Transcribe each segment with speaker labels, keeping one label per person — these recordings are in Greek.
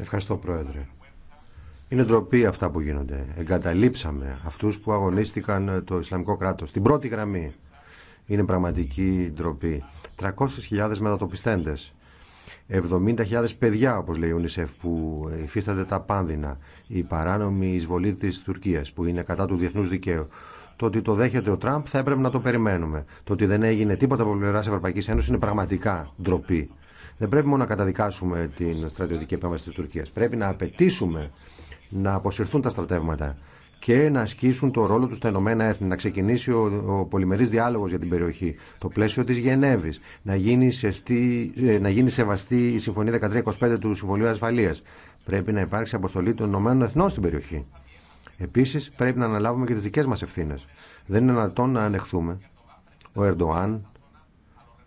Speaker 1: Ευχαριστώ Πρόεδρε. Είναι ντροπή αυτά που γίνονται. Εγκαταλείψαμε αυτούς που αγωνίστηκαν το Ισλαμικό κράτος. Στην πρώτη γραμμή είναι πραγματική ντροπή. 300.000 μετατοπιστέντες. 70.000 παιδιά, όπω λέει η UNICEF, που υφίστανται τα πάνδυνα. Η παράνομη εισβολή τη Τουρκία που είναι κατά του διεθνού. δικαίου. Το ότι το δέχεται ο Τραμπ θα έπρεπε να το περιμένουμε. Το ότι δεν έγινε τίποτα από πλευρά Ευρωπαϊκή Ένωση είναι πραγματικά ντροπή. Δεν πρέπει μόνο να καταδικάσουμε την στρατιωτική επέμβαση της Τουρκίας. Πρέπει να απαιτήσουμε να αποσυρθούν τα στρατεύματα και να ασκήσουν το ρόλο του στα Ηνωμένα Έθνη, να ξεκινήσει ο, ο πολυμερή διάλογο για την περιοχή, το πλαίσιο τη Γενέβη, να, γίνει ε, να γίνει σεβαστή η Συμφωνία 1325 του Συμβουλίου Ασφαλεία. Πρέπει να υπάρξει αποστολή των Ηνωμένων Εθνών στην περιοχή. Επίση, πρέπει να αναλάβουμε και τι δικέ μα ευθύνε. Δεν είναι δυνατόν να ανεχθούμε ο Ερντοάν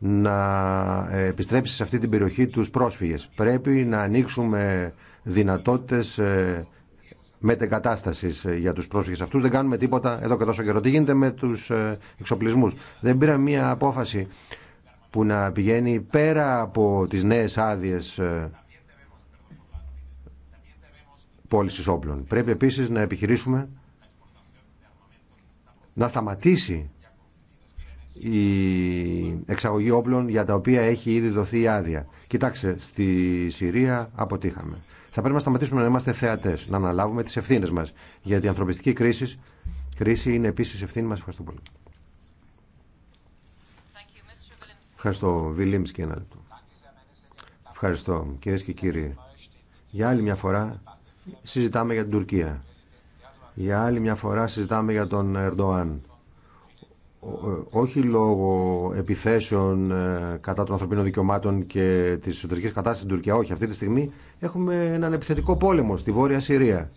Speaker 1: να ε, επιστρέψει σε αυτή την περιοχή τους πρόσφυγες. Πρέπει να ανοίξουμε δυνατότητες ε, μετεκατάσταση ε, για τους πρόσφυγες αυτούς. Δεν κάνουμε τίποτα εδώ και τόσο καιρό. Τι γίνεται με τους εξοπλισμούς. Δεν πήρα μια απόφαση που να πηγαίνει πέρα από τις νέες άδειε πώληση όπλων. Πρέπει επίσης να επιχειρήσουμε να σταματήσει η εξαγωγή όπλων για τα οποία έχει ήδη δοθεί η άδεια. Κοιτάξτε, στη Συρία αποτύχαμε. Θα πρέπει να σταματήσουμε να είμαστε θεατέ, να αναλάβουμε τι ευθύνε μα. Γιατί η ανθρωπιστική κρίση, κρίση είναι επίση ευθύνη μα. Ευχαριστώ πολύ. Ευχαριστώ, Βιλίμ ένα Ευχαριστώ, κυρίε και κύριοι. Για άλλη μια φορά συζητάμε για την Τουρκία. Για άλλη μια φορά συζητάμε για τον Ερντοάν. Ε, όχι λόγω επιθέσεων ε, κατά των ανθρωπίνων δικαιωμάτων και της εσωτερικής κατάστασης στην Τουρκία. Όχι, αυτή τη στιγμή έχουμε έναν επιθετικό πόλεμο στη Βόρεια Συρία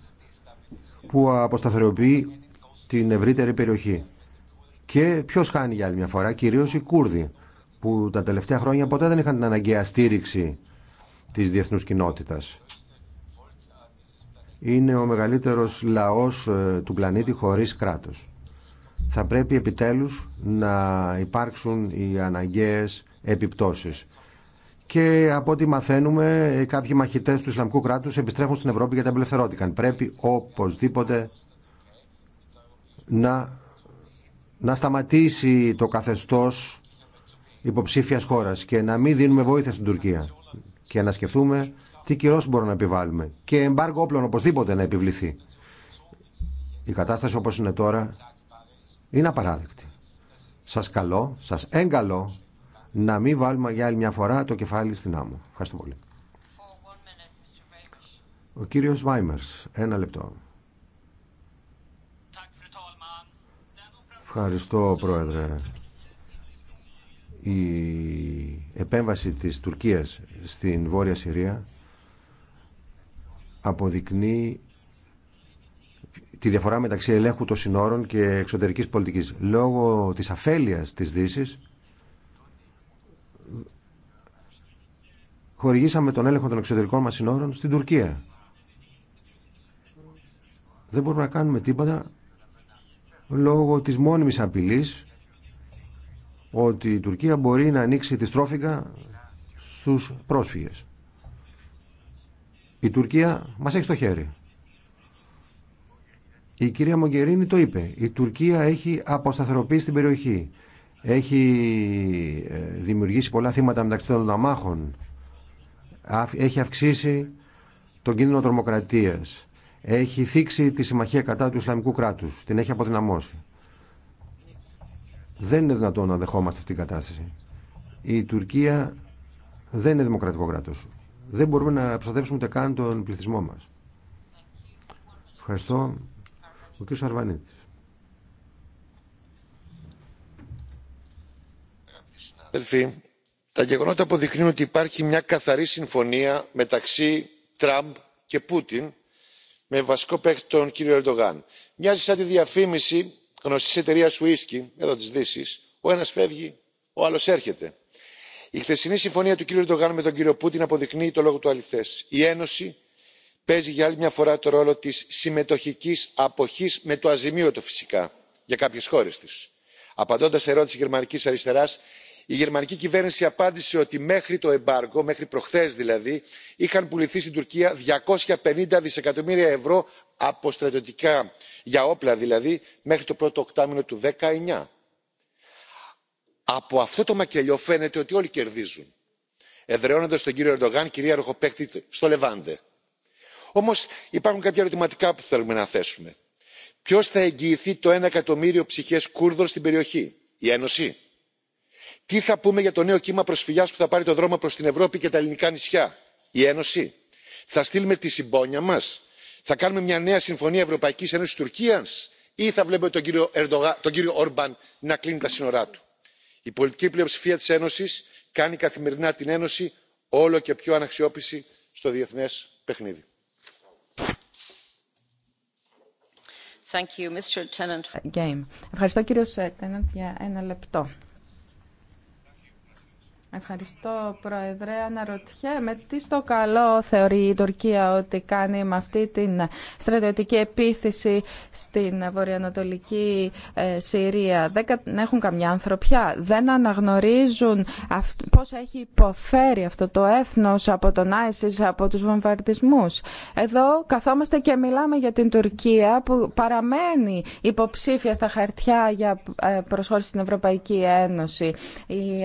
Speaker 1: που αποσταθεροποιεί την ευρύτερη περιοχή. Και ποιο χάνει για άλλη μια φορά, κυρίω οι Κούρδοι που τα τελευταία χρόνια ποτέ δεν είχαν την αναγκαία στήριξη τη διεθνού κοινότητα. Είναι ο μεγαλύτερος λαός ε, του πλανήτη χωρίς κράτος θα πρέπει επιτέλους να υπάρξουν οι αναγκαίες επιπτώσεις. Και από ό,τι μαθαίνουμε, κάποιοι μαχητές του Ισλαμικού κράτους επιστρέφουν στην Ευρώπη για τα απελευθερώθηκαν. Πρέπει οπωσδήποτε να, να σταματήσει το καθεστώς υποψήφιας χώρας και να μην δίνουμε βοήθεια στην Τουρκία. Και να σκεφτούμε τι κυρώσεις μπορούμε να επιβάλλουμε. Και εμπάργο όπλων οπωσδήποτε να επιβληθεί. Η κατάσταση όπως είναι τώρα είναι απαράδεκτη. Σας καλώ, σας έγκαλώ να μην βάλουμε για άλλη μια φορά το κεφάλι στην άμμο. Ευχαριστώ πολύ. Ο κύριος Βάιμερς, ένα λεπτό. Ευχαριστώ, Πρόεδρε. Η επέμβαση της Τουρκίας στην Βόρεια Συρία αποδεικνύει τη διαφορά μεταξύ ελέγχου των συνόρων και εξωτερικής πολιτικής. Λόγω της αφέλειας της δύση. χορηγήσαμε τον έλεγχο των εξωτερικών μας συνόρων στην Τουρκία. Δεν μπορούμε να κάνουμε τίποτα λόγω της μόνιμης απειλής ότι η Τουρκία μπορεί να ανοίξει τη στρόφιγγα στους πρόσφυγες. Η Τουρκία μας έχει στο χέρι. Η κυρία Μογκερίνη το είπε. Η Τουρκία έχει αποσταθεροποιήσει την περιοχή. Έχει ε, δημιουργήσει πολλά θύματα μεταξύ των αμάχων. Έχει αυξήσει τον κίνδυνο τρομοκρατίας. Έχει θίξει τη συμμαχία κατά του Ισλαμικού κράτους. Την έχει αποδυναμώσει. Δεν είναι δυνατόν να δεχόμαστε αυτή την κατάσταση. Η Τουρκία δεν είναι δημοκρατικό κράτος. Δεν μπορούμε να προστατεύσουμε ούτε καν τον πληθυσμό μας. Ευχαριστώ. Ο κ.
Speaker 2: τα γεγονότα αποδεικνύουν ότι υπάρχει μια καθαρή συμφωνία μεταξύ Τραμπ και Πούτιν με βασικό παίκτη τον κύριο Ερντογάν. Μοιάζει σαν τη διαφήμιση γνωστή εταιρεία ουίσκι εδώ τη Δύση. Ο ένα φεύγει, ο άλλο έρχεται. Η χθεσινή συμφωνία του κύριου Ερντογάν με τον κύριο Πούτιν αποδεικνύει το λόγο του αληθέ. Η Ένωση παίζει για άλλη μια φορά το ρόλο της συμμετοχικής αποχής με το αζημίωτο φυσικά για κάποιες χώρες της. απαντώντας σε ερώτηση γερμανικής αριστεράς η γερμανική κυβέρνηση απάντησε ότι μέχρι το εμπάργκο μέχρι προχθές δηλαδή είχαν πουληθεί στην τουρκία 250 δισεκατομμύρια ευρώ από στρατιωτικά για όπλα δηλαδή μέχρι το πρώτο οκτάμινο του 19. Από αυτό το μακελιό φαίνεται ότι όλοι κερδίζουν. Εδραιώνοντας τον κύριο Ερντογάν κυρίαρχο παίκτη στο Λεβάντε όμω υπάρχουν κάποια ερωτηματικά που θέλουμε να θέσουμε ποιο θα εγγυηθεί το ένα εκατομμύριο ψυχέ κούρδων στην περιοχή η ένωση; τι θα πούμε για το νέο κύμα προσφυγιάς που θα πάρει το δρόμο προ την ευρώπη και τα ελληνικά νησιά; η ένωση; θα στείλουμε τη συμπόνια μα, θα κάνουμε μια νέα συμφωνία Ευρωπαϊκή Ένωση Τουρκία ή θα βλέπουμε τον κύριο, ορμπαν να κλείνει τα σύνορά του. η πολιτική πλειοψηφία τη Ένωση κάνει καθημερινά την ένωση όλο και πιο αναξιόπιστη στο διεθνέ
Speaker 3: παιχνίδι. Ευχαριστώ κύριος Τέναντ ε, για ένα λεπτό. Ευχαριστώ, Πρόεδρε. Αναρωτιέμαι τι στο καλό θεωρεί η Τουρκία ότι κάνει με αυτή την στρατιωτική επίθεση στην βορειοανατολική ε, Συρία. Δεν έχουν καμιά ανθρωπιά. Δεν αναγνωρίζουν πώς έχει υποφέρει αυτό το έθνος από τον Άισις, από τους βομβαρδισμούς. Εδώ καθόμαστε και μιλάμε για την Τουρκία που παραμένει υποψήφια στα χαρτιά για ε, προσχώρηση στην Ευρωπαϊκή Ένωση. Η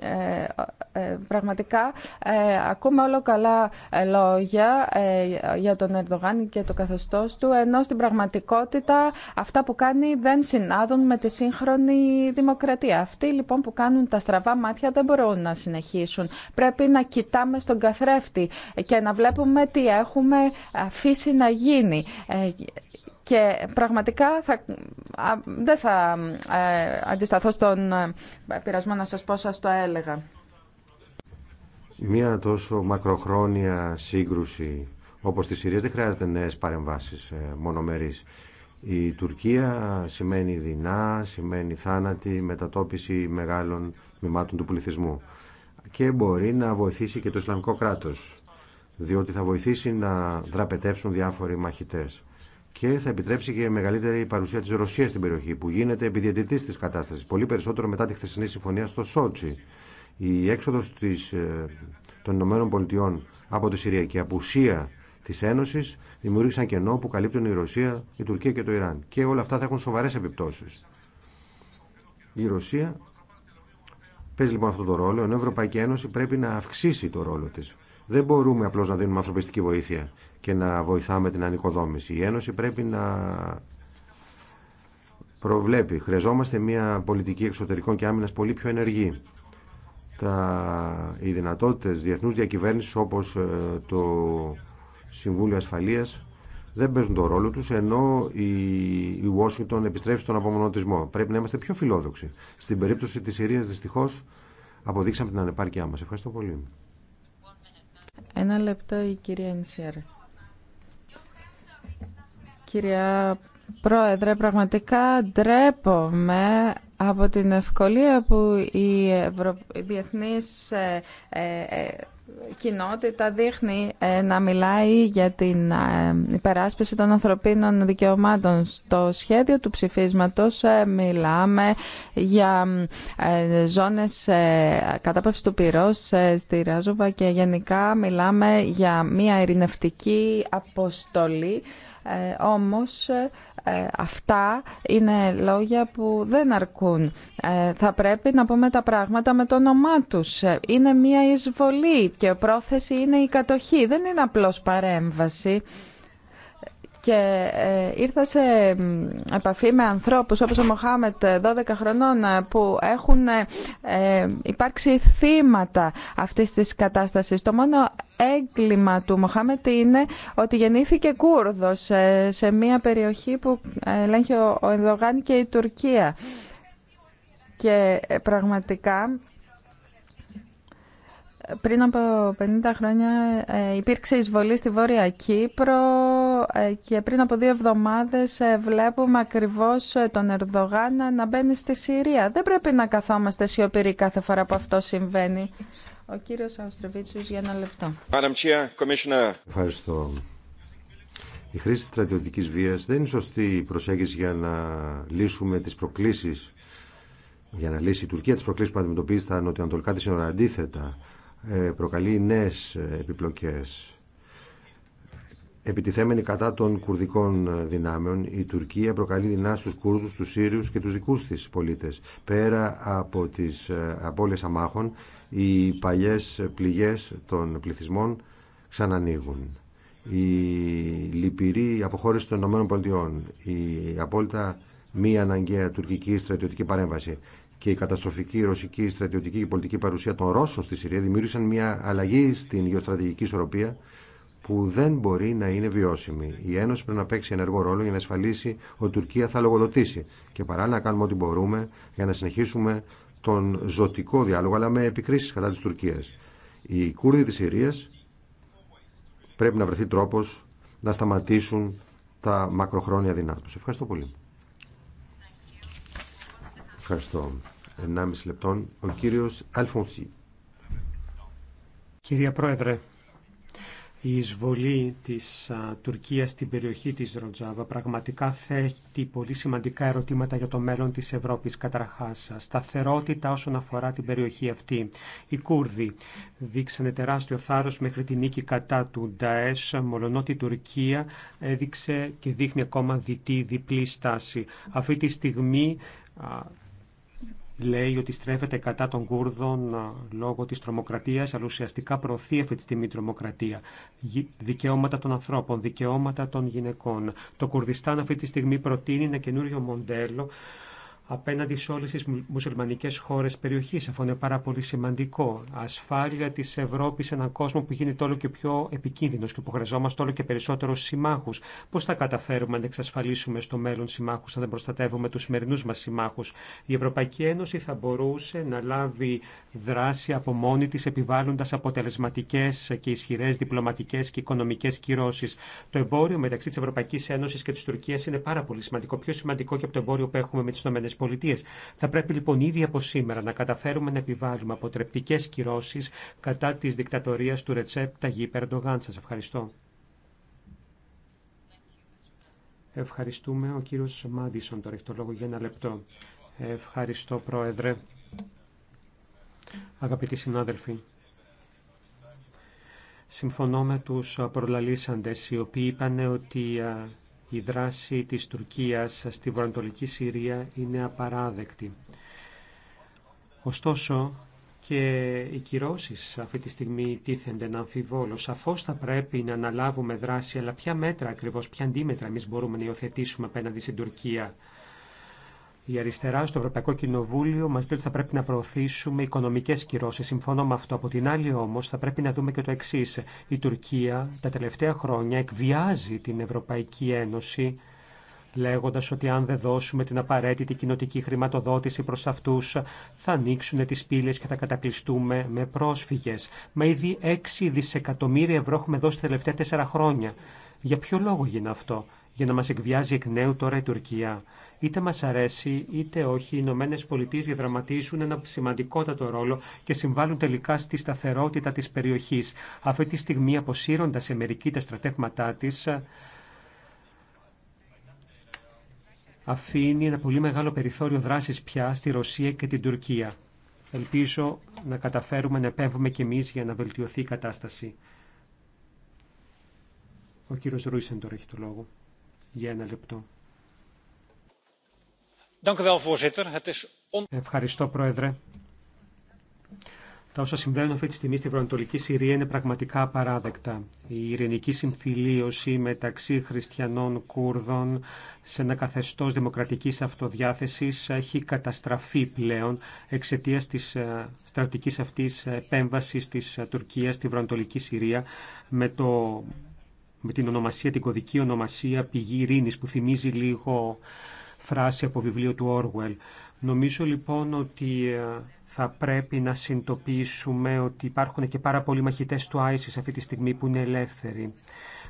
Speaker 3: ε, ε, πραγματικά ε, ακούμε όλο καλά ε, λόγια για τον Ερντογάν και το καθεστώς του, ενώ στην πραγματικότητα αυτά που κάνει δεν συνάδουν με τη σύγχρονη δημοκρατία. Αυτοί λοιπόν που κάνουν τα στραβά μάτια δεν μπορούν να συνεχίσουν. Πρέπει να κοιτάμε στον καθρέφτη και να βλέπουμε τι έχουμε αφήσει να γίνει. Και πραγματικά θα, δεν θα αντισταθώ στον πειρασμό να σας πω, σας το έλεγα.
Speaker 1: Μία τόσο μακροχρόνια σύγκρουση όπως τη Συρία δεν χρειάζεται νέες παρεμβάσεις ε, μονομερείς. Η Τουρκία σημαίνει δεινά, σημαίνει θάνατη, μετατόπιση μεγάλων μημάτων του πληθυσμού και μπορεί να βοηθήσει και το Ισλαμικό κράτος διότι θα βοηθήσει να δραπετεύσουν διάφοροι μαχητές και θα επιτρέψει και μεγαλύτερη παρουσία της Ρωσίας στην περιοχή που γίνεται επιδιαιτητής της κατάστασης πολύ περισσότερο μετά τη χθεσινή συμφωνία στο Σότσι η έξοδος της, ε, των Ηνωμένων Πολιτειών από τη Συρία και η απουσία της Ένωσης δημιούργησαν κενό που καλύπτουν η Ρωσία, η Τουρκία και το Ιράν. Και όλα αυτά θα έχουν σοβαρές επιπτώσεις. Η Ρωσία παίζει λοιπόν αυτό τον ρόλο, ενώ η Ευρωπαϊκή Ένωση πρέπει να αυξήσει το ρόλο της. Δεν μπορούμε απλώς να δίνουμε ανθρωπιστική βοήθεια και να βοηθάμε την ανοικοδόμηση. Η Ένωση πρέπει να προβλέπει. Χρειαζόμαστε μια πολιτική εξωτερικών και άμυνας πολύ πιο ενεργή τα, οι δυνατότητες διεθνούς διακυβέρνησης όπως ε, το Συμβούλιο Ασφαλείας δεν παίζουν τον ρόλο τους ενώ η Ουάσιγκτον επιστρέφει στον απομονωτισμό. Πρέπει να είμαστε πιο φιλόδοξοι. Στην περίπτωση της Συρίας δυστυχώς αποδείξαμε την ανεπάρκειά μας. Ευχαριστώ πολύ.
Speaker 3: Ένα λεπτό η κυρία Νησιέρα. Κυρία Πρόεδρε, πραγματικά ντρέπομαι από την ευκολία που η, Ευρω... διεθνής ε, ε, ε, κοινότητα δείχνει να μιλάει για την υπεράσπιση των ανθρωπίνων δικαιωμάτων. Στο σχέδιο του ψηφίσματος μιλάμε για ζώνες κατάπευσης του πυρός στη Ράζοβα και γενικά μιλάμε για μια ειρηνευτική αποστολή. Όμως ε, αυτά είναι λόγια που δεν αρκούν. Ε, θα πρέπει να πούμε τα πράγματα με το όνομά τους. Ε, είναι μια εισβολή και πρόθεση είναι η κατοχή. Δεν είναι απλώς παρέμβαση και ε, ήρθα σε επαφή με ανθρώπους όπως ο Μοχάμετ 12 ε, χρονών ε, που έχουν υπάρξει θύματα αυτής της κατάστασης. Το μόνο έγκλημα του Μοχάμετ είναι ότι γεννήθηκε Κούρδος σε μια περιοχή που ελέγχει ο Ενδογάν και η Τουρκία. Και πραγματικά πριν από 50 χρόνια υπήρξε εισβολή στη Βόρεια Κύπρο ε, και πριν από δύο εβδομάδες ε, βλέπουμε ακριβώς ε, τον Ερδογάν να μπαίνει στη Συρία. Δεν πρέπει να καθόμαστε σιωπηροί κάθε φορά που αυτό συμβαίνει. Ο κύριος Αουστροβίτσιος για ένα λεπτό.
Speaker 1: Ευχαριστώ. Η χρήση της στρατιωτικής βίας δεν είναι σωστή προσέγγιση για να λύσουμε τις προκλήσεις για να λύσει η Τουρκία τις προκλήσεις που αντιμετωπίζει στα νοτιοανατολικά της σύνορα αντίθετα προκαλεί νέες επιπλοκές επιτιθέμενη κατά των κουρδικών ε, δυνάμεων, η Τουρκία προκαλεί δεινά στους Κούρδους, του Σύριους και του δικούς της πολίτες. Πέρα από τις ε, απώλειες αμάχων, οι παλιές πληγές των πληθυσμών ξανανοίγουν. Η λυπηρή αποχώρηση των ΗΠΑ, η απόλυτα μη αναγκαία τουρκική στρατιωτική παρέμβαση και η καταστροφική ρωσική στρατιωτική και πολιτική παρουσία των Ρώσων στη Συρία δημιούργησαν μια αλλαγή στην γεωστρατηγική ισορροπία που δεν μπορεί να είναι βιώσιμη. Η Ένωση πρέπει να παίξει ενεργό ρόλο για να ασφαλίσει ότι η Τουρκία θα λογοδοτήσει και παρά να κάνουμε ό,τι μπορούμε για να συνεχίσουμε τον ζωτικό διάλογο αλλά με επικρίσεις κατά της Τουρκίας. Οι Κούρδοι της Συρίας πρέπει να βρεθεί τρόπος να σταματήσουν τα μακροχρόνια δεινά Ευχαριστώ πολύ. Ευχαριστώ. 1,5 λεπτών. Ο κύριος Αλφονσί.
Speaker 4: Κυρία Πρόεδρε, η εισβολή της Τουρκίας στην περιοχή της Ροτζάβα πραγματικά θέτει πολύ σημαντικά ερωτήματα για το μέλλον της Ευρώπης καταρχάς. Σταθερότητα όσον αφορά την περιοχή αυτή. Οι Κούρδοι δείξανε τεράστιο θάρρος μέχρι την νίκη κατά του Νταέσ, μολονότι η Τουρκία έδειξε και δείχνει ακόμα διτή διπλή στάση. Αυτή τη στιγμή λέει ότι στρέφεται κατά των Κούρδων λόγω της τρομοκρατίας, αλλά ουσιαστικά προωθεί αυτή τη στιγμή τρομοκρατία. Δικαιώματα των ανθρώπων, δικαιώματα των γυναικών. Το Κουρδιστάν αυτή τη στιγμή προτείνει ένα καινούριο μοντέλο απέναντι σε όλες τις μουσουλμανικές χώρες περιοχής. Αυτό είναι πάρα πολύ σημαντικό. Ασφάλεια της Ευρώπης σε έναν κόσμο που γίνεται όλο και πιο επικίνδυνος και που χρειαζόμαστε όλο και περισσότερους συμμάχους. Πώς θα καταφέρουμε να εξασφαλίσουμε στο μέλλον συμμάχους αν δεν προστατεύουμε τους σημερινούς μας συμμάχους. Η Ευρωπαϊκή Ένωση θα μπορούσε να λάβει δράση από μόνη της επιβάλλοντας αποτελεσματικές και ισχυρές διπλωματικές και οικονομικές κυρώσεις. Το εμπόριο μεταξύ της Ευρωπαϊκής Ένωσης και της Τουρκίας είναι πάρα πολύ σημαντικό, πιο σημαντικό και από το εμπόριο που έχουμε με τις ΗΠΑ. Θα πρέπει λοιπόν ήδη από σήμερα να καταφέρουμε να επιβάλλουμε αποτρεπτικές κυρώσει κατά της δικτατορία του Ρετσέπ Ταγί Περντογάν. σα. ευχαριστώ. Ευχαριστούμε. Ο κύριος Μάντισον τώρα έχει το λόγο για ένα λεπτό. Ευχαριστώ Πρόεδρε. Αγαπητοί συνάδελφοι, συμφωνώ με τους προλαλήσαντες οι οποίοι είπαν ότι η δράση της Τουρκίας στη βορειοανατολική Συρία είναι απαράδεκτη. Ωστόσο και οι κυρώσεις αυτή τη στιγμή τίθενται να αμφιβόλω. Σαφώς θα πρέπει να αναλάβουμε δράση, αλλά ποια μέτρα ακριβώς, ποια αντίμετρα εμεί μπορούμε να υιοθετήσουμε απέναντι στην Τουρκία. Η αριστερά στο Ευρωπαϊκό Κοινοβούλιο μα λέει ότι θα πρέπει να προωθήσουμε οικονομικέ κυρώσει. Συμφωνώ με αυτό. Από την άλλη, όμω, θα πρέπει να δούμε και το εξή. Η Τουρκία τα τελευταία χρόνια εκβιάζει την Ευρωπαϊκή Ένωση λέγοντα ότι αν δεν δώσουμε την απαραίτητη κοινοτική χρηματοδότηση προ αυτού, θα ανοίξουν τι πύλε και θα κατακλειστούμε με πρόσφυγε. Μα ήδη 6 δισεκατομμύρια ευρώ έχουμε δώσει τα τελευταία τέσσερα χρόνια. Για ποιο λόγο γίνεται αυτό για να μας εκβιάζει εκ νέου τώρα η Τουρκία. Είτε μας αρέσει είτε όχι, οι Ηνωμένε Πολιτείε διαδραματίζουν ένα σημαντικότατο ρόλο και συμβάλλουν τελικά στη σταθερότητα της περιοχής. Αυτή τη στιγμή αποσύροντας σε μερικοί τα στρατεύματά της, αφήνει ένα πολύ μεγάλο περιθώριο δράσης πια στη Ρωσία και την Τουρκία. Ελπίζω να καταφέρουμε να επέμβουμε κι εμείς για να βελτιωθεί η κατάσταση. Ο κύριος Ρούισεν τώρα έχει το λόγο για ένα λεπτό.
Speaker 2: Ευχαριστώ, Πρόεδρε.
Speaker 4: Τα όσα συμβαίνουν αυτή τη στιγμή στη Βορειοανατολική Συρία είναι πραγματικά απαράδεκτα. Η ειρηνική συμφιλίωση μεταξύ χριστιανών Κούρδων σε ένα καθεστώς δημοκρατικής αυτοδιάθεσης έχει καταστραφεί πλέον εξαιτίας της ε, στρατικής αυτής επέμβασης της ε, Τουρκίας στη Βορειοανατολική Συρία με το με την ονομασία, την κωδική ονομασία πηγή ειρήνης που θυμίζει λίγο φράση από βιβλίο του Orwell. Νομίζω λοιπόν ότι ε, θα πρέπει να συντοπίσουμε ότι υπάρχουν και πάρα πολλοί μαχητές του ISIS αυτή τη στιγμή που είναι ελεύθεροι.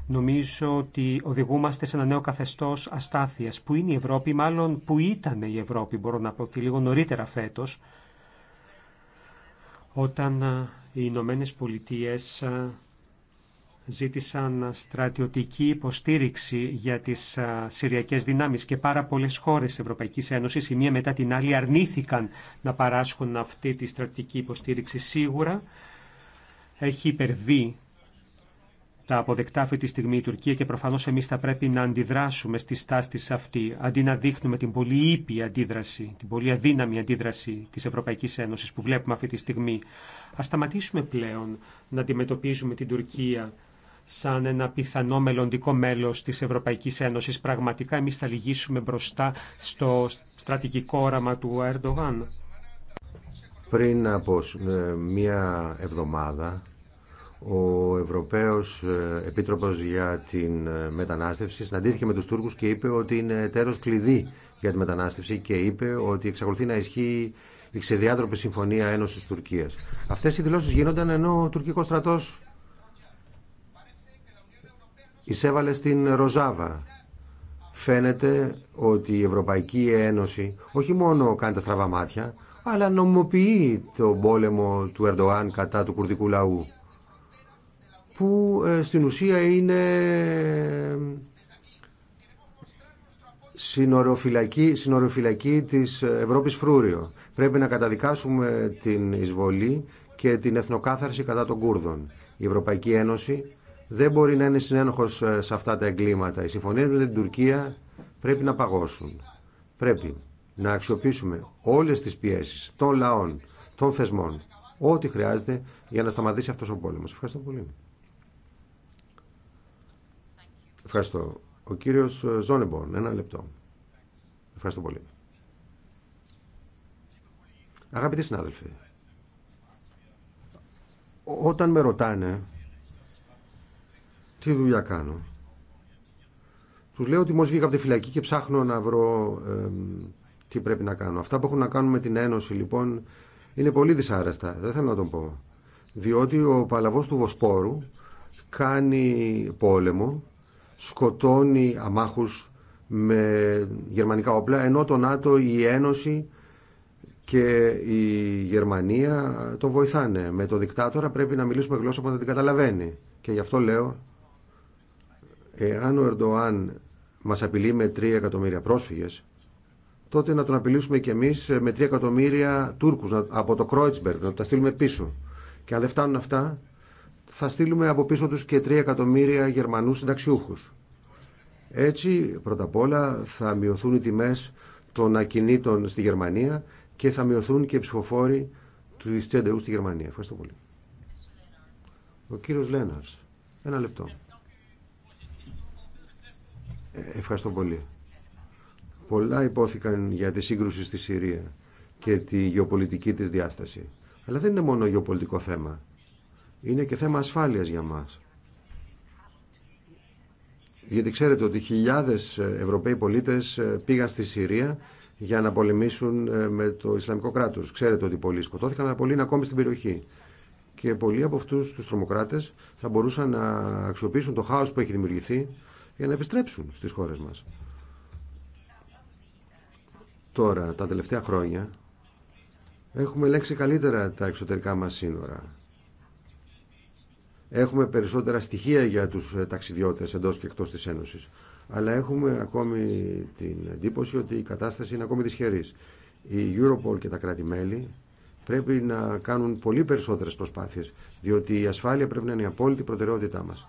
Speaker 4: Νομίζω ότι οδηγούμαστε σε ένα νέο καθεστώς αστάθειας. Πού είναι η Ευρώπη, μάλλον που ήταν η Ευρώπη, μπορώ να πω και λίγο νωρίτερα φέτο, όταν ε, οι Ηνωμένε Πολιτείε. Ε, ζήτησαν στρατιωτική υποστήριξη για τις Συριακές δυνάμεις και πάρα πολλές χώρες της Ευρωπαϊκής Ένωσης, η μία μετά την άλλη, αρνήθηκαν να παράσχουν αυτή τη στρατιωτική υποστήριξη. Σίγουρα έχει υπερβεί τα αποδεκτά αυτή τη στιγμή η Τουρκία και προφανώς εμείς θα πρέπει να αντιδράσουμε στη στάση αυτή, αντί να δείχνουμε την πολύ ήπια αντίδραση, την πολύ αδύναμη αντίδραση της Ευρωπαϊκής Ένωσης που βλέπουμε αυτή τη στιγμή. Ας σταματήσουμε πλέον να αντιμετωπίζουμε την Τουρκία σαν ένα πιθανό μελλοντικό μέλος της Ευρωπαϊκής Ένωσης. Πραγματικά εμείς θα λυγίσουμε μπροστά στο στρατηγικό όραμα του Ερντογάν.
Speaker 1: Πριν από ε, μία εβδομάδα ο Ευρωπαίος ε, Επίτροπος για την ε, Μετανάστευση συναντήθηκε με τους Τούρκους και είπε ότι είναι τέρος κλειδί για τη μετανάστευση και είπε ότι εξακολουθεί να ισχύει η ξεδιάτροπη συμφωνία Ένωσης Τουρκίας. Αυτές οι δηλώσεις γίνονταν ενώ ο τουρκικός στρατός εισέβαλε στην Ροζάβα. Φαίνεται ότι η Ευρωπαϊκή Ένωση όχι μόνο κάνει τα στραβά μάτια, αλλά νομοποιεί τον πόλεμο του Ερντοάν κατά του κουρδικού λαού, που ε, στην ουσία είναι συνοροφυλακή, συνοροφυλακή της Ευρώπης Φρούριο. Πρέπει να καταδικάσουμε την εισβολή και την εθνοκάθαρση κατά των Κούρδων. Η Ευρωπαϊκή Ένωση δεν μπορεί να είναι συνένοχος ε, σε αυτά τα εγκλήματα. Οι συμφωνίες με την Τουρκία πρέπει να παγώσουν. Πρέπει να αξιοποιήσουμε όλες τις πιέσεις των λαών, των θεσμών, ό,τι χρειάζεται για να σταματήσει αυτός ο πόλεμος. Ευχαριστώ πολύ. Ευχαριστώ. Ο κύριος ε, Ζόνεμπορν, ένα λεπτό. Ευχαριστώ πολύ. Αγαπητοί συνάδελφοι, όταν με ρωτάνε τι δουλειά κάνω. Τους λέω ότι μόλι βγήκα από τη φυλακή και ψάχνω να βρω τι πρέπει να κάνω. Αυτά που έχουν να κάνουν με την Ένωση λοιπόν είναι πολύ δυσάρεστα. Δεν θέλω να τον πω. Διότι ο παλαβός του Βοσπόρου κάνει πόλεμο, σκοτώνει αμάχους με γερμανικά όπλα, ενώ το ΝΑΤΟ, η Ένωση και η Γερμανία τον βοηθάνε. Με το δικτάτορα πρέπει να μιλήσουμε γλώσσα που να την καταλαβαίνει. Και γι' αυτό λέω Εάν ο Ερντοάν μας απειλεί με 3 εκατομμύρια πρόσφυγες, τότε να τον απειλήσουμε κι εμείς με 3 εκατομμύρια Τούρκους από το Κρόιτσμπεργκ, να τα στείλουμε πίσω. Και αν δεν φτάνουν αυτά, θα στείλουμε από πίσω τους και 3 εκατομμύρια Γερμανούς συνταξιούχους. Έτσι, πρώτα απ' όλα, θα μειωθούν οι τιμές των ακινήτων στη Γερμανία και θα μειωθούν και οι ψηφοφόροι του Τσέντεου στη Γερμανία. Ευχαριστώ πολύ. Ο κύριο Λέναρ, Ένα λεπτό. Ευχαριστώ πολύ. Πολλά υπόθηκαν για τη σύγκρουση στη Συρία και τη γεωπολιτική της διάσταση. Αλλά δεν είναι μόνο γεωπολιτικό θέμα. Είναι και θέμα ασφάλειας για μας. Γιατί ξέρετε ότι χιλιάδες ε, Ευρωπαίοι πολίτες ε, πήγαν στη Συρία για να πολεμήσουν ε, με το Ισλαμικό κράτος. Ξέρετε ότι πολλοί σκοτώθηκαν, αλλά πολλοί είναι ακόμη στην περιοχή. Και πολλοί από αυτούς τους τρομοκράτες θα μπορούσαν να αξιοποιήσουν το χάος που έχει δημιουργηθεί για να επιστρέψουν στις χώρες μας. Τώρα, τα τελευταία χρόνια, έχουμε ελέγξει καλύτερα τα εξωτερικά μας σύνορα. Έχουμε περισσότερα στοιχεία για τους ε, ταξιδιώτες εντός και εκτός της Ένωσης. Αλλά έχουμε ακόμη την εντύπωση ότι η κατάσταση είναι ακόμη δυσχερής. Η Europol και τα κράτη-μέλη πρέπει να κάνουν πολύ περισσότερες προσπάθειες, διότι η ασφάλεια πρέπει να είναι η απόλυτη προτεραιότητά μας.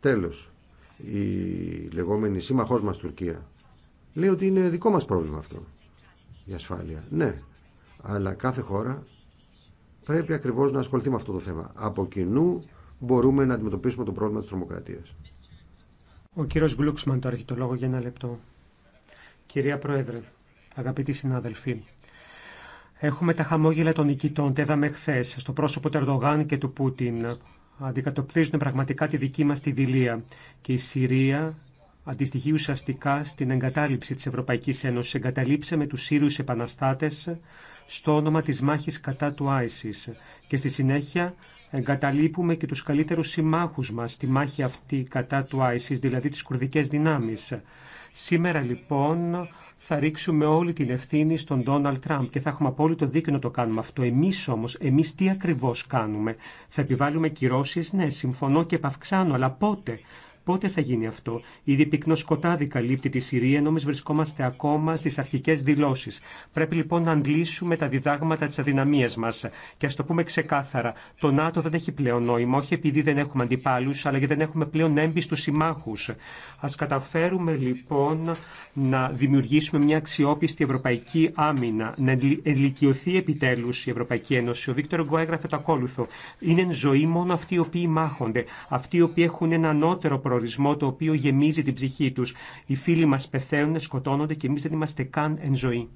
Speaker 1: Τέλος, η λεγόμενη σύμμαχός μας Τουρκία λέει ότι είναι δικό μας πρόβλημα αυτό η ασφάλεια. Ναι, αλλά κάθε χώρα πρέπει ακριβώς να ασχοληθεί με αυτό το θέμα. Από κοινού μπορούμε να αντιμετωπίσουμε το πρόβλημα της τρομοκρατίας.
Speaker 4: Ο κύριος Γκλούξμαν τώρα το λόγο για ένα λεπτό. Κυρία Πρόεδρε, αγαπητοί συνάδελφοι, Έχουμε τα χαμόγελα των νικητών, τέδαμε χθε, στο πρόσωπο του Ερντογάν και του Πούτιν, αντικατοπτρίζουν πραγματικά τη δική μας τη δηλία. Και η Συρία αντιστοιχεί ουσιαστικά στην εγκατάλειψη της Ευρωπαϊκής Ένωσης. Εγκαταλείψαμε τους Σύριους επαναστάτες στο όνομα της μάχης κατά του Άισις. Και στη συνέχεια εγκαταλείπουμε και τους καλύτερους συμμάχους μας στη μάχη αυτή κατά του Άισις, δηλαδή τις κουρδικές δυνάμεις. Σήμερα λοιπόν θα ρίξουμε όλη την ευθύνη στον Ντόναλτ Τραμπ και θα έχουμε απόλυτο δίκιο να το κάνουμε αυτό. Εμεί όμω, εμεί τι ακριβώ κάνουμε. Θα επιβάλλουμε κυρώσει, ναι, συμφωνώ και επαυξάνω, αλλά πότε. Πότε θα γίνει αυτό. Ήδη πυκνό σκοτάδι καλύπτει τη Συρία, ενώ εμεί βρισκόμαστε ακόμα στι αρχικέ δηλώσει. Πρέπει λοιπόν να αντλήσουμε τα διδάγματα τη αδυναμία μα. Και α το πούμε ξεκάθαρα, το ΝΑΤΟ δεν έχει πλέον νόημα, όχι επειδή δεν έχουμε αντιπάλου, αλλά γιατί δεν έχουμε πλέον έμπιστου συμμάχου. Α καταφέρουμε λοιπόν να δημιουργήσουμε μια αξιόπιστη ευρωπαϊκή άμυνα, να ελικιωθεί επιτέλου η Ευρωπαϊκή Ένωση. Ο Βίκτορ Γκο έγραφε το ακόλουθο. Είναι ζωή μόνο αυτοί οι οποίοι μάχονται, αυτοί οι οποίοι έχουν ένα ανώτερο το οποίο γεμίζει την ψυχή τους. Οι φίλοι μας πεθαίνουν, σκοτώνονται και εμείς δεν είμαστε καν εν ζωή.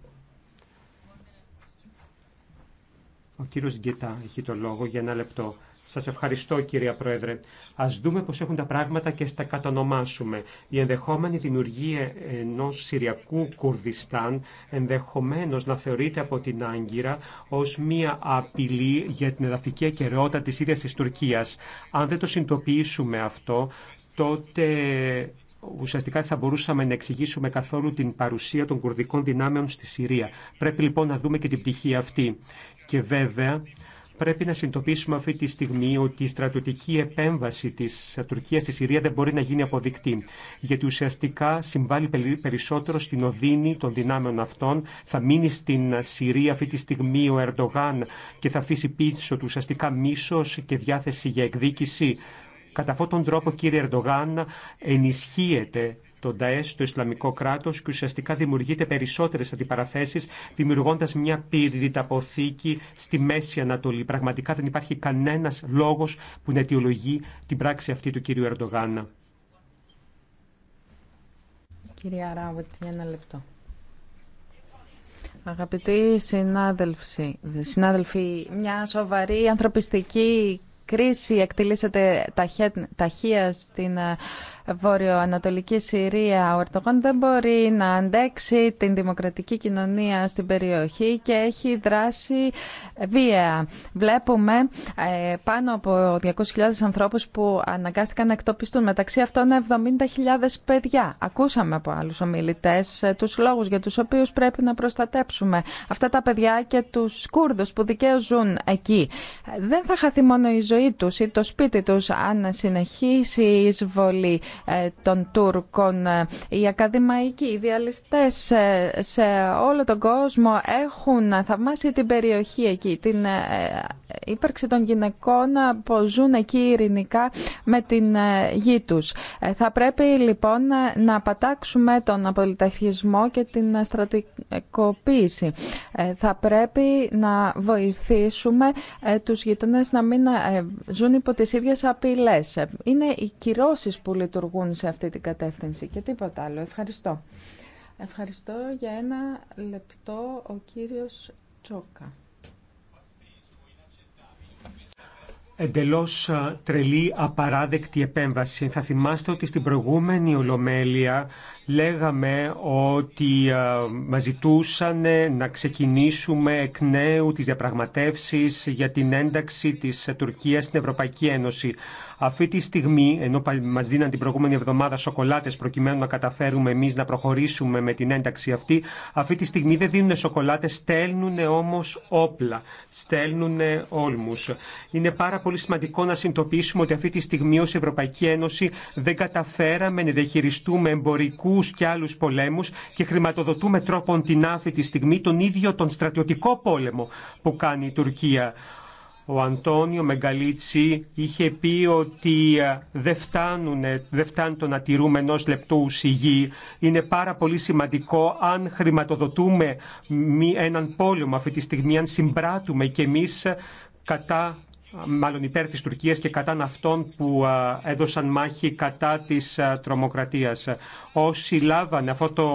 Speaker 4: Ο κύριος Γκέτα έχει το λόγο για ένα λεπτό. Σας ευχαριστώ κυρία Πρόεδρε. Ας δούμε πώς έχουν τα πράγματα και στα κατονομάσουμε. Η ενδεχόμενη δημιουργία ενός Συριακού Κουρδιστάν ενδεχομένως να θεωρείται από την Άγκυρα ως μία απειλή για την εδαφική αικαιρεότητα της ίδιας της Τουρκίας. Αν δεν το συνειδητοποιήσουμε αυτό τότε ουσιαστικά θα μπορούσαμε να εξηγήσουμε καθόλου την παρουσία των κουρδικών δυνάμεων στη Συρία. Πρέπει λοιπόν να δούμε και την πτυχή αυτή. Και βέβαια πρέπει να συνειδητοποιήσουμε αυτή τη στιγμή ότι η στρατιωτική επέμβαση της Τουρκίας στη Συρία δεν μπορεί να γίνει αποδεικτή. Γιατί ουσιαστικά συμβάλλει περισσότερο στην οδύνη των δυνάμεων αυτών. Θα μείνει στην Συρία αυτή τη στιγμή ο Ερντογάν και θα αφήσει πίσω του ουσιαστικά μίσος και διάθεση για εκδίκηση Κατά αυτόν τον τρόπο, κύριε Ερντογάν, ενισχύεται το ΤΑΕΣ, το Ισλαμικό κράτος και ουσιαστικά δημιουργείται περισσότερες αντιπαραθέσεις δημιουργώντας μια πυρηταποθήκη στη Μέση Ανατολή. Πραγματικά δεν υπάρχει κανένας λόγος που να αιτιολογεί την πράξη αυτή του κύριου Ερντογάν.
Speaker 3: Κύριε ένα λεπτό. Αγαπητοί συνάδελφοι, μια σοβαρή ανθρωπιστική κρίση εκτελήσεται ταχεία στην ε, Ανατολική Συρία, ο Ερτογάν δεν μπορεί να αντέξει την δημοκρατική κοινωνία στην περιοχή και έχει δράσει βία. Βλέπουμε ε, πάνω από 200.000 ανθρώπους που αναγκάστηκαν να εκτοπιστούν, μεταξύ αυτών 70.000 παιδιά. Ακούσαμε από άλλους ομιλητές ε, τους λόγους για τους οποίους πρέπει να προστατέψουμε αυτά τα παιδιά και τους Κούρδους που δικαίως ζουν εκεί. Ε, δεν θα χαθεί μόνο η ζωή τους ή το σπίτι τους αν συνεχίσει η εισβολή. Ε, των Τούρκων. Ε, οι ακαδημαϊκοί, οι διαλυστές ε, σε όλο τον κόσμο έχουν θαυμάσει την περιοχή εκεί, την ύπαρξη των γυναικών που ζουν εκεί ειρηνικά με την γη τους. Θα πρέπει λοιπόν να πατάξουμε τον απολυταρχισμό και την στρατικοποίηση. Θα πρέπει να βοηθήσουμε τους γείτονες να μην ζουν υπό τις ίδιες απειλές. Είναι οι κυρώσεις που λειτουργούν οδηγούν σε αυτή την κατεύθυνση και τίποτα άλλο. Ευχαριστώ. Ευχαριστώ για ένα λεπτό ο κύριος Τσόκα.
Speaker 4: Εντελώς τρελή, απαράδεκτη επέμβαση. Θα θυμάστε ότι στην προηγούμενη Ολομέλεια λέγαμε ότι ε, μας ζητούσαν να ξεκινήσουμε εκ νέου τις διαπραγματεύσεις για την ένταξη της Τουρκίας στην Ευρωπαϊκή Ένωση. Αυτή τη στιγμή, ενώ μας δίναν την προηγούμενη εβδομάδα σοκολάτες προκειμένου να καταφέρουμε εμείς να προχωρήσουμε με την ένταξη αυτή, αυτή τη στιγμή δεν δίνουν σοκολάτες, στέλνουν όμως όπλα, στέλνουν όλμους. Είναι πάρα πολύ σημαντικό να συνειδητοποιήσουμε ότι αυτή τη στιγμή ως Ευρωπαϊκή Ένωση δεν καταφέραμε να διαχειριστούμε εμπορικού και άλλους πολέμους και χρηματοδοτούμε τρόπον την άφη τη στιγμή τον ίδιο τον στρατιωτικό πόλεμο που κάνει η Τουρκία. Ο Αντώνιο Μεγκαλίτσι είχε πει ότι ε, δεν, φτάνουν, δεν φτάνει το να τηρούμε ενό λεπτού σιγή. Είναι πάρα πολύ σημαντικό αν χρηματοδοτούμε έναν πόλεμο αυτή τη στιγμή, αν συμπράττουμε κι εμείς ε, κατά μάλλον υπέρ της Τουρκίας και κατά αυτών που έδωσαν μάχη κατά της τρομοκρατίας. Όσοι λάβανε αυτό το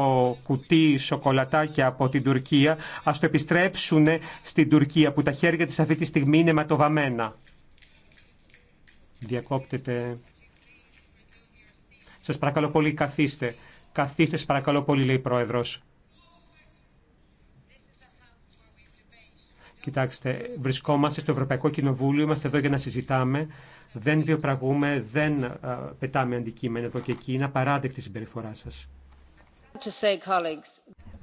Speaker 4: κουτί σοκολατάκια από την Τουρκία, ας το επιστρέψουν στην Τουρκία που τα χέρια της αυτή τη στιγμή είναι ματοβαμένα. Διακόπτεται. Σας παρακαλώ πολύ, καθίστε. Καθίστε, σας παρακαλώ πολύ, λέει η Πρόεδρος. Κοιτάξτε, βρισκόμαστε στο Ευρωπαϊκό Κοινοβούλιο, είμαστε εδώ για να συζητάμε. Δεν βιοπραγούμε, δεν πετάμε αντικείμενα εδώ και εκεί. Είναι απαράδεκτη η συμπεριφορά σα.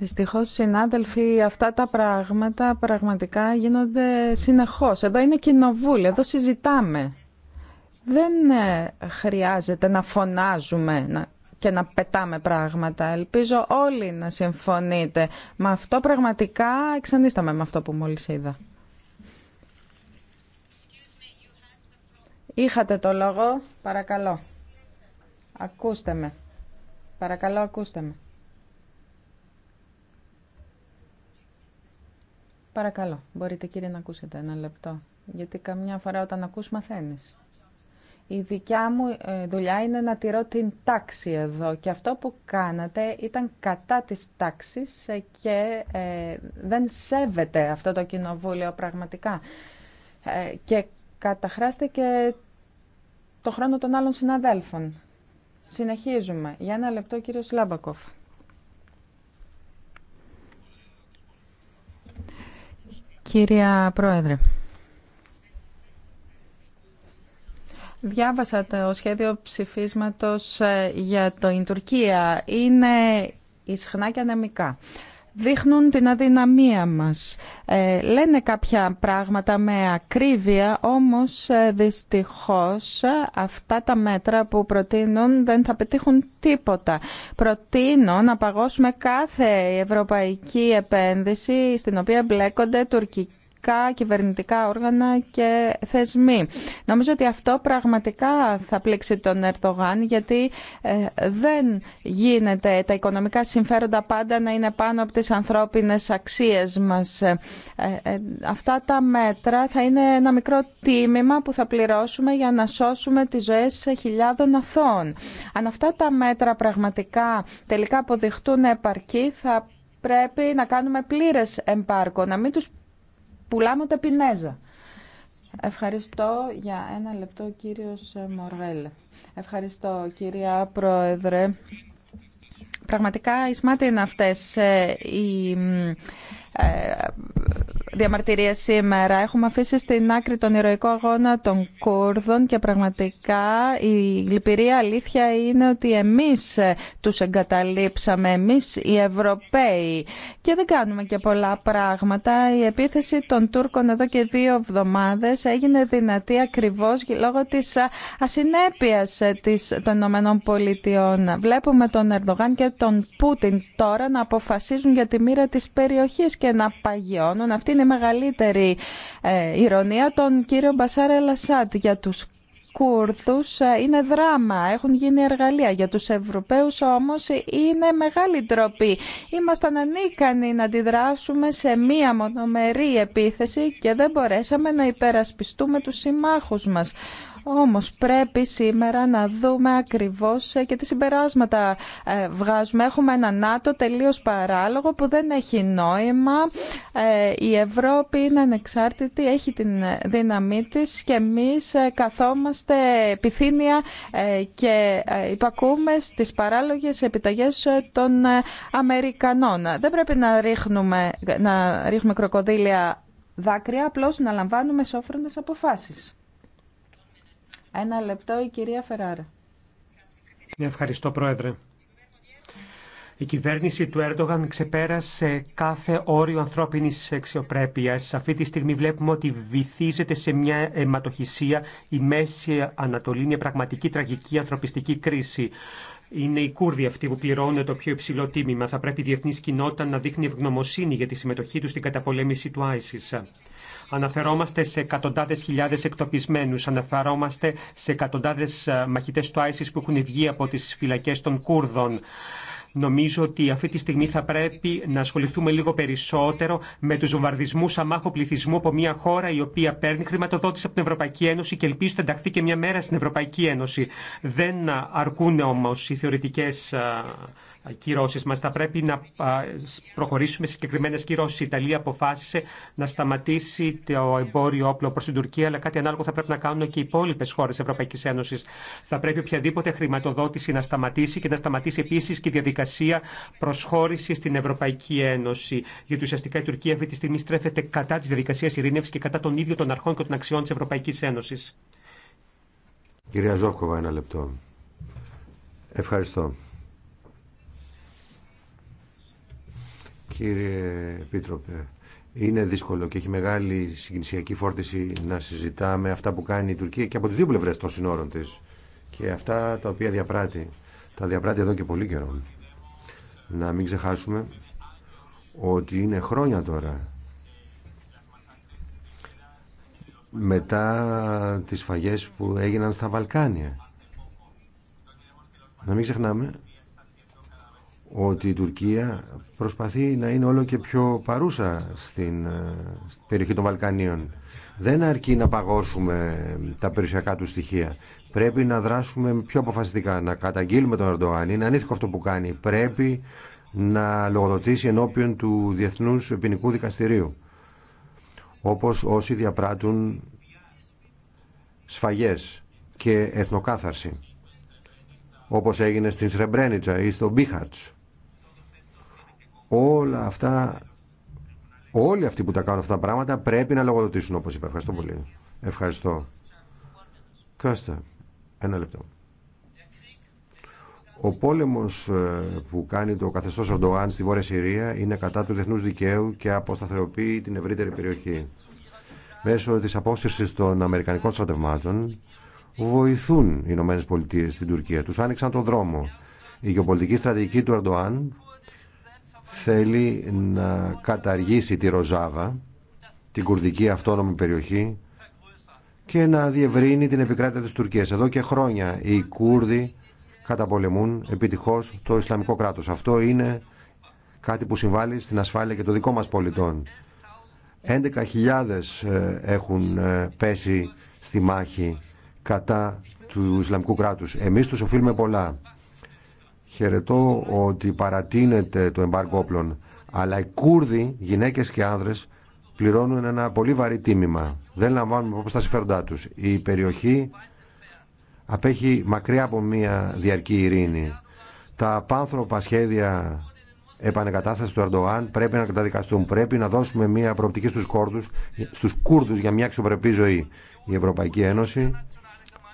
Speaker 3: Δυστυχώ, συνάδελφοι, αυτά τα πράγματα πραγματικά γίνονται συνεχώς. Εδώ είναι κοινοβούλιο, εδώ συζητάμε. Δεν ε, χρειάζεται να φωνάζουμε, και να πετάμε πράγματα. Ελπίζω όλοι να συμφωνείτε. Με αυτό πραγματικά εξανίσταμε με αυτό που μόλις είδα. Είχατε το λόγο, παρακαλώ. Ακούστε με. Παρακαλώ, ακούστε με. Παρακαλώ, μπορείτε κύριε να ακούσετε ένα λεπτό. Γιατί καμιά φορά όταν ακούς μαθαίνεις. Η δικιά μου ε, δουλειά είναι να τηρώ την τάξη εδώ και αυτό που κάνατε ήταν κατά της τάξης ε, και ε, δεν σέβεται αυτό το κοινοβούλιο πραγματικά. Και καταχράστηκε το χρόνο των άλλων συναδέλφων. Συνεχίζουμε. Για ένα λεπτό, κύριος Λάμπακοφ. Κυρία Πρόεδρε. Διάβασα το σχέδιο ψηφίσματος ε, για «Η Τουρκία. Είναι ισχνά και ανεμικά. Δείχνουν την αδυναμία μας. Ε, λένε κάποια πράγματα με ακρίβεια, όμως ε, δυστυχώς αυτά τα μέτρα που προτείνουν δεν θα πετύχουν τίποτα. Προτείνω να παγώσουμε κάθε ευρωπαϊκή επένδυση στην οποία μπλέκονται τουρκικοί κυβερνητικά όργανα και θεσμοί. Νομίζω ότι αυτό πραγματικά θα πλήξει τον Ερτογάν γιατί ε, δεν γίνεται τα οικονομικά συμφέροντα πάντα να είναι πάνω από τις ανθρώπινες αξίες μας. Ε, ε, αυτά τα μέτρα θα είναι ένα μικρό τίμημα που θα πληρώσουμε για να σώσουμε τις ζωές χιλιάδων αθώων. Αν αυτά τα μέτρα πραγματικά τελικά αποδειχτούν επαρκή θα πρέπει να κάνουμε πλήρες εμπάρκο, να μην πουλάμε τα πινέζα. Ευχαριστώ για ένα λεπτό κύριος Μοργέλ. Ευχαριστώ κυρία Πρόεδρε. Πραγματικά εισμάται είναι αυτές ε, οι ε, διαμαρτυρίες σήμερα. Έχουμε αφήσει στην άκρη τον ηρωικό αγώνα των Κούρδων και πραγματικά η λυπηρή αλήθεια είναι ότι εμείς ε, τους εγκαταλείψαμε, εμείς οι Ευρωπαίοι και δεν κάνουμε και πολλά πράγματα. Η επίθεση των Τούρκων εδώ και δύο εβδομάδες έγινε δυνατή ακριβώς λόγω της ε, ασυνέπειας ε, των Ηνωμένων Πολιτειών. Βλέπουμε τον Ερντογάν και τον Πούτιν τώρα να αποφασίζουν για τη μοίρα της περιοχής και να παγιώνουν είναι μεγαλύτερη ε, ηρωνία τον κύριο Μπασάρα Ελασάτ για τους Κούρδους ε, είναι δράμα, έχουν γίνει εργαλεία. Για τους Ευρωπαίους όμως είναι μεγάλη τροπή. Ήμασταν ανίκανοι να αντιδράσουμε σε μία μονομερή επίθεση και δεν μπορέσαμε να υπερασπιστούμε τους συμμάχους μας. Όμως πρέπει σήμερα να δούμε ακριβώς ε, και τι συμπεράσματα ε, βγάζουμε. Έχουμε ένα ΝΑΤΟ τελείως παράλογο που δεν έχει νόημα. Ε, η Ευρώπη είναι ανεξάρτητη, έχει την δύναμή της και εμείς καθόμαστε επιθύνια και υπακούμε στις παράλογες επιταγές των Αμερικανών. Δεν πρέπει να ρίχνουμε, να ρίχνουμε κροκοδίλια δάκρυα, απλώς να λαμβάνουμε σόφρονες αποφάσεις. Ένα λεπτό η κυρία Φεράρα.
Speaker 4: Ευχαριστώ πρόεδρε. Η κυβέρνηση του Έρντογαν ξεπέρασε κάθε όριο ανθρώπινη αξιοπρέπεια. Αυτή τη στιγμή βλέπουμε ότι βυθίζεται σε μια αιματοχυσία. Η Μέση Ανατολή μια πραγματική τραγική ανθρωπιστική κρίση. Είναι οι Κούρδοι αυτοί που πληρώνουν το πιο υψηλό τίμημα. Θα πρέπει η διεθνή κοινότητα να δείχνει ευγνωμοσύνη για τη συμμετοχή του στην καταπολέμηση του ISIS. Αναφερόμαστε σε εκατοντάδες χιλιάδες εκτοπισμένου. αναφερόμαστε σε εκατοντάδες ε, μαχητέ του ISIS που έχουν βγει από τις φυλακές των Κούρδων. Νομίζω ότι αυτή τη στιγμή θα πρέπει να ασχοληθούμε λίγο περισσότερο με του βομβαρδισμού αμάχου πληθυσμού από μια χώρα η οποία παίρνει χρηματοδότηση από την Ευρωπαϊκή Ένωση και ελπίζει ότι ενταχθεί και μια μέρα στην Ευρωπαϊκή Ένωση. Δεν αρκούν όμω οι θεωρητικέ ε, κυρώσει μα. Θα πρέπει να προχωρήσουμε σε συγκεκριμένε κυρώσει. Η Ιταλία αποφάσισε να σταματήσει το εμπόριο όπλο προ την Τουρκία, αλλά κάτι ανάλογο θα πρέπει να κάνουν και οι υπόλοιπε χώρε Ευρωπαϊκή Ένωση. Θα πρέπει οποιαδήποτε χρηματοδότηση να σταματήσει και να σταματήσει επίση και η διαδικασία προσχώρηση στην Ευρωπαϊκή Ένωση. Γιατί ουσιαστικά η Τουρκία αυτή τη στιγμή στρέφεται κατά τη διαδικασία ειρήνευση και κατά των ίδιων των αρχών και των αξιών τη Ευρωπαϊκή Ένωση.
Speaker 1: Κυρία ένα λεπτό. Ευχαριστώ. Κύριε Επίτροπε, είναι δύσκολο και έχει μεγάλη συγκινησιακή φόρτιση να συζητάμε αυτά που κάνει η Τουρκία και από τις δύο πλευρές των συνόρων της και αυτά τα οποία διαπράττει. Τα διαπράττει εδώ και πολύ καιρό. Να μην ξεχάσουμε ότι είναι χρόνια τώρα μετά τις φαγές που έγιναν στα Βαλκάνια. Να μην ξεχνάμε ότι η Τουρκία προσπαθεί να είναι όλο και πιο παρούσα ε, στην, περιοχή των Βαλκανίων. Δεν αρκεί να παγώσουμε τα περιουσιακά του στοιχεία. Πρέπει να δράσουμε πιο αποφασιστικά, να καταγγείλουμε τον Ερντογάν. Είναι ανήθικο αυτό που κάνει. Πρέπει να λογοδοτήσει ενώπιον του Διεθνούς Ποινικού Δικαστηρίου. Όπως όσοι διαπράττουν σφαγές και εθνοκάθαρση. Όπως έγινε στην Σρεμπρένιτσα ή στο Μπίχατς. Όλα αυτά, όλοι αυτοί που τα κάνουν αυτά τα πράγματα πρέπει να λογοδοτήσουν όπως είπα. Ευχαριστώ πολύ. Ευχαριστώ. Κάστε. ένα λεπτό. Ο πόλεμος ε, που κάνει το καθεστώς Ορντογάν στη Βόρεια Συρία είναι κατά του διεθνούς δικαίου και αποσταθεροποιεί την ευρύτερη περιοχή. Μέσω της απόσυρσης των Αμερικανικών στρατευμάτων βοηθούν οι Ηνωμένες στην Τουρκία. Τους άνοιξαν τον δρόμο. Η γεωπολιτική στρατηγική του Ερντοάν θέλει να καταργήσει τη Ροζάβα, την κουρδική αυτόνομη περιοχή και να διευρύνει την επικράτεια της Τουρκίας. Εδώ και χρόνια οι Κούρδοι καταπολεμούν επιτυχώς το Ισλαμικό κράτος. Αυτό είναι κάτι που συμβάλλει στην ασφάλεια και των δικών μας πολιτών. 11.000 ε, έχουν ε, πέσει στη μάχη κατά του Ισλαμικού κράτους. Εμείς τους οφείλουμε πολλά. Χαιρετώ ότι παρατείνεται το εμπάρκο όπλων, αλλά οι Κούρδοι, γυναίκες και άνδρες, πληρώνουν ένα πολύ βαρύ τίμημα. Δεν λαμβάνουμε όπως τα συμφέροντά τους. Η περιοχή απέχει μακριά από μια διαρκή ειρήνη. Τα πάνθρωπα σχέδια επανεκατάσταση του Ερντογάν πρέπει να καταδικαστούν. Πρέπει να δώσουμε μια προοπτική στους, Κόρδους, στους Κούρδους για μια αξιοπρεπή ζωή. Η Ευρωπαϊκή Ένωση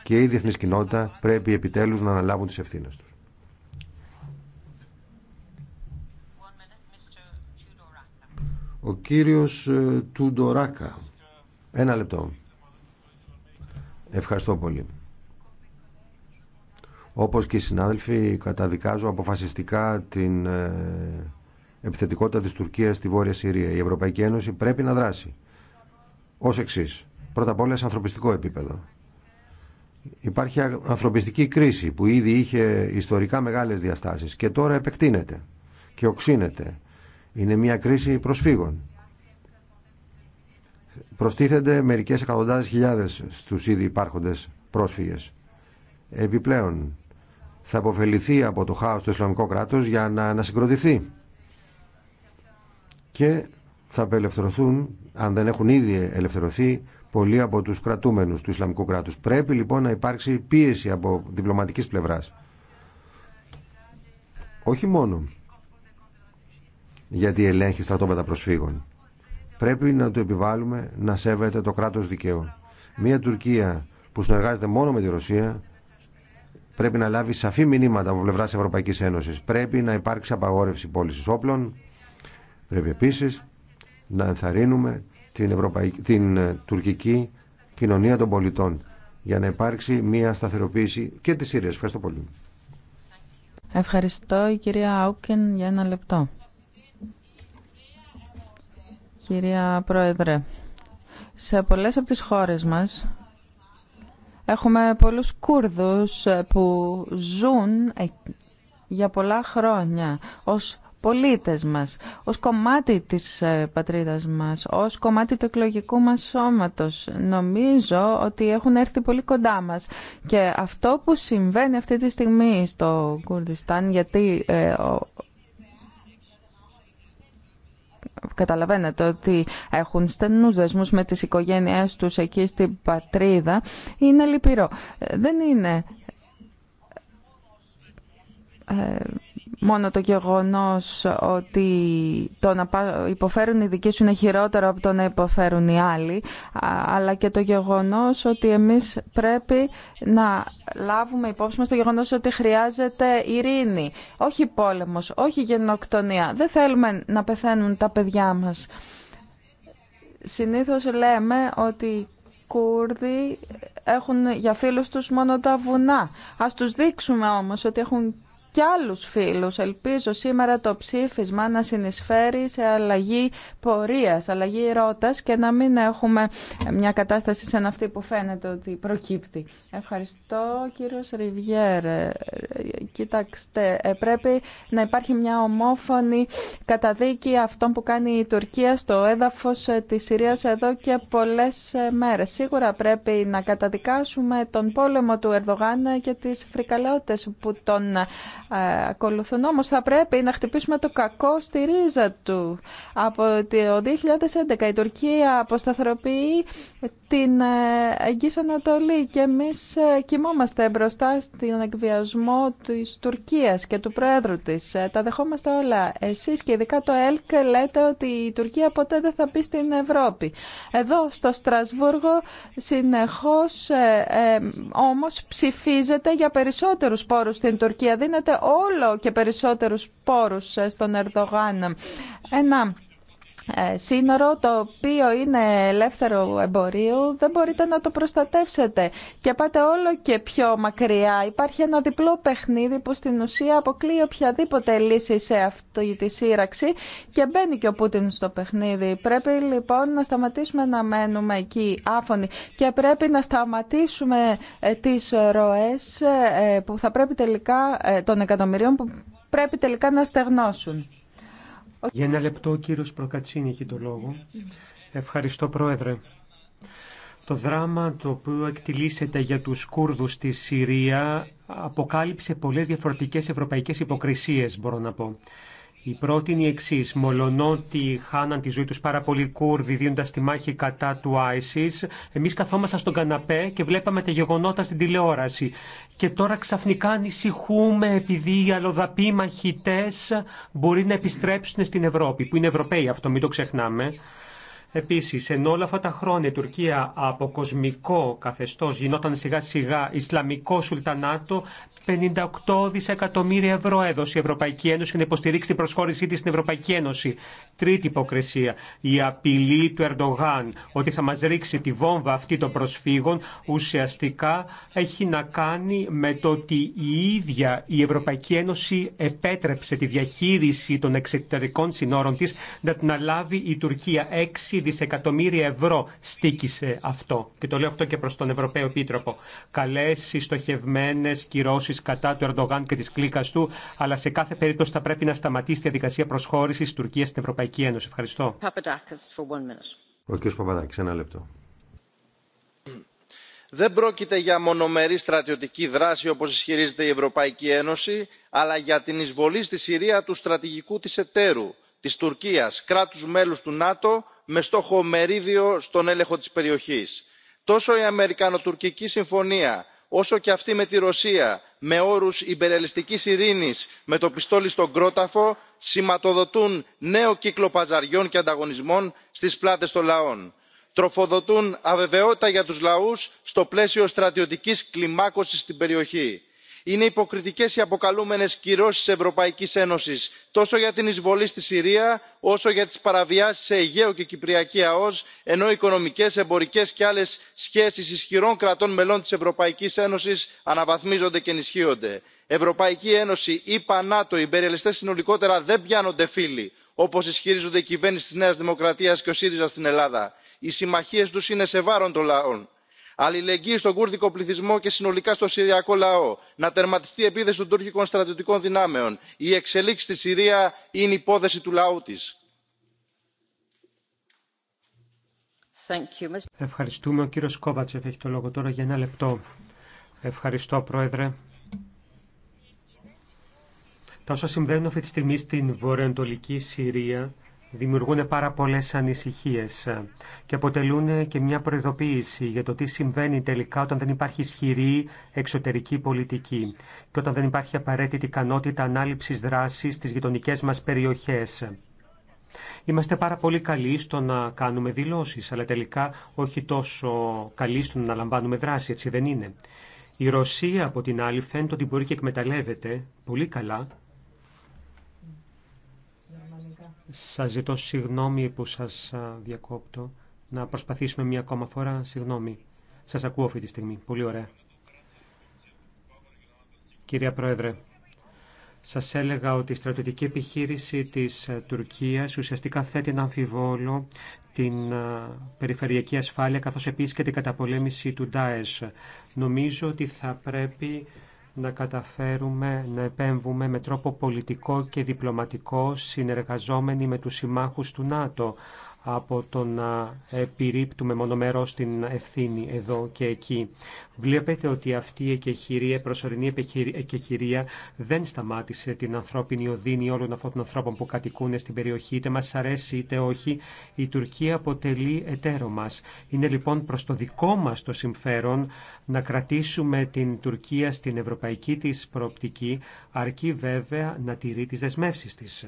Speaker 1: και η διεθνής κοινότητα πρέπει επιτέλους να αναλάβουν τις ευθύνες τους. Ο κύριος ε, Τουντοράκα. Ένα λεπτό. Ευχαριστώ πολύ. Όπως και οι συνάδελφοι καταδικάζω αποφασιστικά την ε, επιθετικότητα της Τουρκίας στη Βόρεια Συρία. Η Ευρωπαϊκή Ένωση πρέπει να δράσει. Ως εξή. Πρώτα απ' όλα σε ανθρωπιστικό επίπεδο. Υπάρχει ανθρωπιστική κρίση που ήδη είχε ιστορικά μεγάλες διαστάσεις και τώρα επεκτείνεται και οξύνεται είναι μια κρίση προσφύγων. Προστίθενται μερικές εκατοντάδες χιλιάδες στους ήδη υπάρχοντες πρόσφυγες. Επιπλέον, θα αποφεληθεί από το χάος του Ισλαμικό κράτος για να ανασυγκροτηθεί και θα απελευθερωθούν, αν δεν έχουν ήδη ελευθερωθεί, πολλοί από τους κρατούμενους του Ισλαμικού κράτους. Πρέπει λοιπόν να υπάρξει πίεση από διπλωματικής πλευράς. Όχι μόνο γιατί ελέγχει στρατόπεδα προσφύγων. Πρέπει να το επιβάλλουμε να σέβεται το κράτος δικαίου. Μία Τουρκία που συνεργάζεται μόνο με τη Ρωσία πρέπει να λάβει σαφή μηνύματα από πλευρά Ευρωπαϊκή Ένωση. Πρέπει να υπάρξει απαγόρευση πώληση όπλων. Πρέπει επίση να ενθαρρύνουμε την, την ε, τουρκική κοινωνία των πολιτών για να υπάρξει μια σταθεροποίηση και τη Συρία. Ευχαριστώ πολύ.
Speaker 3: Ευχαριστώ η κυρία Άουκεν για ένα λεπτό. Κυρία Πρόεδρε, σε πολλές από τις χώρες μας έχουμε πολλούς Κούρδους που ζουν ε, για πολλά χρόνια ως πολίτες μας, ως κομμάτι της ε, πατρίδας μας, ως κομμάτι του εκλογικού μας σώματος. Νομίζω ότι έχουν έρθει πολύ κοντά μας και αυτό που συμβαίνει αυτή τη στιγμή στο Κουρδιστάν, γιατί ε, καταλαβαίνετε ότι έχουν στενούς δεσμούς με τις οικογένειές τους εκεί στην πατρίδα, είναι λυπηρό. Ε, δεν είναι ε, μόνο το γεγονός ότι το να υποφέρουν οι δικοί σου είναι χειρότερο από το να υποφέρουν οι άλλοι, αλλά και το γεγονός ότι εμείς πρέπει να λάβουμε υπόψη μας το γεγονός ότι χρειάζεται ειρήνη, όχι πόλεμος, όχι γενοκτονία. Δεν θέλουμε να πεθαίνουν τα παιδιά μας. Συνήθως λέμε ότι οι Κούρδοι έχουν για φίλους τους μόνο τα βουνά. Ας τους δείξουμε όμως ότι έχουν και άλλους φίλους. Ελπίζω σήμερα το ψήφισμα να συνεισφέρει σε αλλαγή πορείας, αλλαγή ρότας και να μην έχουμε μια κατάσταση σαν αυτή που φαίνεται ότι προκύπτει. Ευχαριστώ κύριος Ριβιέρ. Ε, κοιτάξτε, ε, πρέπει να υπάρχει μια ομόφωνη καταδίκη αυτών που κάνει η Τουρκία στο έδαφος ε, της Συρίας εδώ και πολλές μέρες. Σίγουρα πρέπει να καταδικάσουμε τον πόλεμο του Ερδογάν και τις φρικαλαιότητες που τον ε, ακολουθούν. Όμως θα πρέπει να χτυπήσουμε το κακό στη ρίζα του. Από το 2011 η Τουρκία αποσταθεροποιεί την ε, Αγγής Ανατολή και εμείς ε, κοιμόμαστε μπροστά στην εκβιασμό της Τουρκίας και του Πρόεδρου της. Τα δεχόμαστε όλα. Εσείς και ειδικά το ΕΛΚ λέτε ότι η Τουρκία ποτέ δεν θα μπει στην Ευρώπη. Εδώ στο Στρασβούργο συνεχώς όμως ψηφίζεται για περισσότερους πόρους στην Τουρκία. Δίνεται όλο και περισσότερους πόρους στον Ερδογάν. Ένα ε, σύνορο το οποίο είναι ελεύθερο εμπορίου δεν μπορείτε να το προστατεύσετε και πάτε όλο και πιο μακριά. Υπάρχει ένα διπλό παιχνίδι που στην ουσία αποκλείει οποιαδήποτε λύση σε αυτή τη σύραξη και μπαίνει και ο Πούτιν στο παιχνίδι. Πρέπει λοιπόν να σταματήσουμε να μένουμε εκεί άφωνοι και πρέπει να σταματήσουμε ε, τις ροές ε, που θα πρέπει των εκατομμυρίων που πρέπει τελικά να στεγνώσουν.
Speaker 4: Για ένα λεπτό ο κύριος Προκατσίνη έχει το λόγο. Ευχαριστώ Πρόεδρε. Το δράμα το οποίο εκτιλήσεται για τους Κούρδους στη Συρία αποκάλυψε πολλές διαφορετικές ευρωπαϊκές υποκρισίες, μπορώ να πω. Η πρώτη είναι η εξή. Μολονότι χάναν τη ζωή του πάρα πολλοί Κούρδοι δίνοντα τη μάχη κατά του Άισι, εμεί καθόμασταν στον καναπέ και βλέπαμε τα γεγονότα στην τηλεόραση. Και τώρα ξαφνικά ανησυχούμε επειδή οι αλλοδαποί μαχητέ μπορεί να επιστρέψουν στην Ευρώπη, που είναι Ευρωπαίοι αυτό, μην το ξεχνάμε. Επίσης, ενώ όλα αυτά τα χρόνια η Τουρκία από κοσμικό καθεστώ, γινόταν σιγά σιγά Ισλαμικό Σουλτανάτο, 58 δισεκατομμύρια ευρώ έδωσε η Ευρωπαϊκή Ένωση για να υποστηρίξει την προσχώρησή τη στην Ευρωπαϊκή Ένωση. Τρίτη υποκρισία. Η απειλή του Ερντογάν ότι θα μα ρίξει τη βόμβα αυτή των προσφύγων ουσιαστικά έχει να κάνει με το ότι η ίδια η Ευρωπαϊκή Ένωση επέτρεψε τη διαχείριση των εξωτερικών συνόρων τη να την αλάβει η Τουρκία. 6 δισεκατομμύρια ευρώ στήκησε αυτό. Και το λέω αυτό και προ τον Ευρωπαίο Επίτροπο. Καλέ κυρώσει κατά του Ερντογάν και τη κλίκα του, αλλά σε κάθε περίπτωση θα πρέπει να σταματήσει τη διαδικασία προσχώρηση τη Τουρκία στην Ευρωπαϊκή Ένωση. Ευχαριστώ.
Speaker 1: Ο κ. Παπαδάκη, ένα λεπτό.
Speaker 5: Δεν πρόκειται για μονομερή στρατιωτική δράση όπως ισχυρίζεται η Ευρωπαϊκή Ένωση, αλλά για την εισβολή στη Συρία του στρατηγικού της εταίρου, της Τουρκίας, κράτους μέλους του ΝΑΤΟ, με στόχο μερίδιο στον έλεγχο της περιοχής. Τόσο η Αμερικανοτουρκική Συμφωνία όσο και αυτή με τη ρωσία με όρους υπερελιστικής ειρήνης με το πιστόλι στον κρόταφο σηματοδοτούν νέο κύκλο παζαριών και ανταγωνισμών στις πλάτες των λαών τροφοδοτούν αβεβαιότητα για τους λαούς στο πλαίσιο στρατιωτικής κλιμάκωσης στην περιοχή είναι υποκριτικέ οι κυρώσει τη Ευρωπαϊκή Ένωση τόσο για την εισβολή στη συρία όσο για τι παραβιάσει σε αιγαίο και κυπριακή αόζ ενώ οικονομικέ, εμπορικέ και άλλε σχέσει ισχυρών κρατών μελών τη Ευρωπαϊκή Ένωση αναβαθμίζονται και ενισχύονται. ευρωπαϊκή ένωση ηπα νατο οι υπερελιστέ συνολικότερα δεν πιάνονται φίλοι όπω ισχυρίζονται η κυβέρνηση τη Νέα Δημοκρατία και ο σύριζα στην ελλάδα. οι συμμαχίε του είναι σε βάρον των λαών αλληλεγγύη στον κούρδικο πληθυσμό και συνολικά στο συριακό λαό να τερματιστεί η επίθεση των τουρκικών στρατιωτικών δυνάμεων. η εξελίξη στη συρία είναι υπόθεση του λαού της.
Speaker 4: Ευχαριστούμε. Ο κύριος Κόβατσεφ έχει το λόγο τώρα για ένα λεπτό. Ευχαριστώ, Πρόεδρε. Τα όσα συμβαίνουν αυτή τη στιγμή στην βορειοανατολική Συρία δημιουργούν πάρα πολλές ανησυχίες και αποτελούν και μια προειδοποίηση για το τι συμβαίνει τελικά όταν δεν υπάρχει ισχυρή εξωτερική πολιτική και όταν δεν υπάρχει απαραίτητη ικανότητα ανάληψης δράσης στις γειτονικέ μας περιοχές. Είμαστε πάρα πολύ καλοί στο να κάνουμε δηλώσεις, αλλά τελικά όχι τόσο καλοί στο να λαμβάνουμε δράση, έτσι δεν είναι. Η Ρωσία, από την άλλη, φαίνεται ότι μπορεί και εκμεταλλεύεται πολύ καλά σας ζητώ συγγνώμη που σας διακόπτω. Να προσπαθήσουμε μία ακόμα φορά. Συγγνώμη. Σας ακούω αυτή τη στιγμή. Πολύ ωραία. Κυρία Πρόεδρε, σας έλεγα ότι η στρατιωτική επιχείρηση της ε, Τουρκίας ουσιαστικά θέτει να αμφιβόλο την περιφερειακή ασφάλεια καθώς επίσης και την καταπολέμηση του Ντάεσ. Νομίζω ότι θα πρέπει να καταφέρουμε να επέμβουμε με τρόπο πολιτικό και διπλωματικό συνεργαζόμενοι με τους συμμάχους του ΝΑΤΟ από το να επιρρύπτουμε μερό την ευθύνη εδώ και εκεί. Βλέπετε ότι αυτή η εκεχηρία, προσωρινή εκεχηρία δεν σταμάτησε την ανθρώπινη οδύνη όλων αυτών των ανθρώπων που κατοικούν στην περιοχή, είτε μας αρέσει είτε όχι. Η Τουρκία αποτελεί εταίρο μας. Είναι λοιπόν προς το δικό μας το συμφέρον να κρατήσουμε την Τουρκία στην ευρωπαϊκή της προοπτική, αρκεί βέβαια να τηρεί τις δεσμεύσεις της.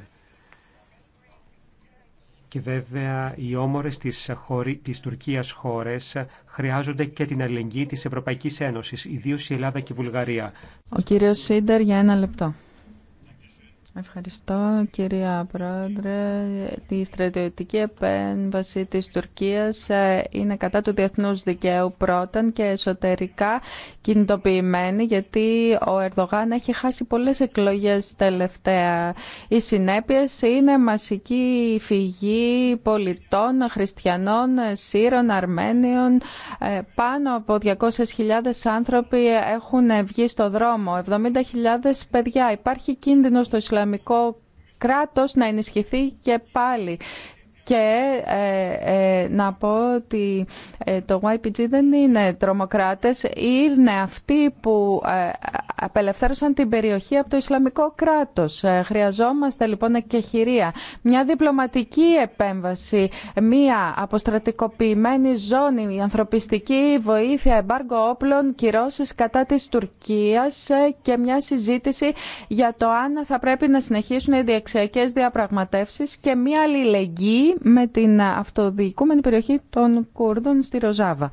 Speaker 4: Και βέβαια οι όμορες της, χωρι... της Τουρκίας χώρες χρειάζονται και την αλληλεγγύη της Ευρωπαϊκής Ένωσης, ιδίως η Ελλάδα και η Βουλγαρία.
Speaker 3: Ο κύριος Σίντερ για ένα λεπτό. Ευχαριστώ κυρία Πρόεδρε. Η στρατιωτική επέμβαση της Τουρκίας ε, είναι κατά του διεθνούς δικαίου πρώτον και εσωτερικά κινητοποιημένη γιατί ο Ερδογάν έχει χάσει πολλές εκλογές τελευταία. Οι συνέπειες είναι μασική φυγή πολιτών, χριστιανών, σύρων, αρμένιων. Ε, πάνω από 200.000 άνθρωποι έχουν βγει στο δρόμο, 70.000 παιδιά. Υπάρχει κίνδυνο στο Ισλαμικό Ισλαμικό κράτος να ενισχυθεί και πάλι και ε, ε, να πω ότι ε, το YPG δεν είναι τρομοκράτες, είναι αυτοί που απελευθέρωσαν την περιοχή από το Ισλαμικό κράτος. Χρειαζόμαστε λοιπόν εκεχηρία, μια διπλωματική επέμβαση, μια αποστρατικοποιημένη ζώνη, η ανθρωπιστική βοήθεια, εμπάργκο όπλων, κυρώσεις κατά της Τουρκίας και μια συζήτηση για το αν θα πρέπει να συνεχίσουν οι διεξιακές διαπραγματεύσεις και μια αλληλεγγύη με την αυτοδιοικούμενη περιοχή των Κούρδων στη Ροζάβα.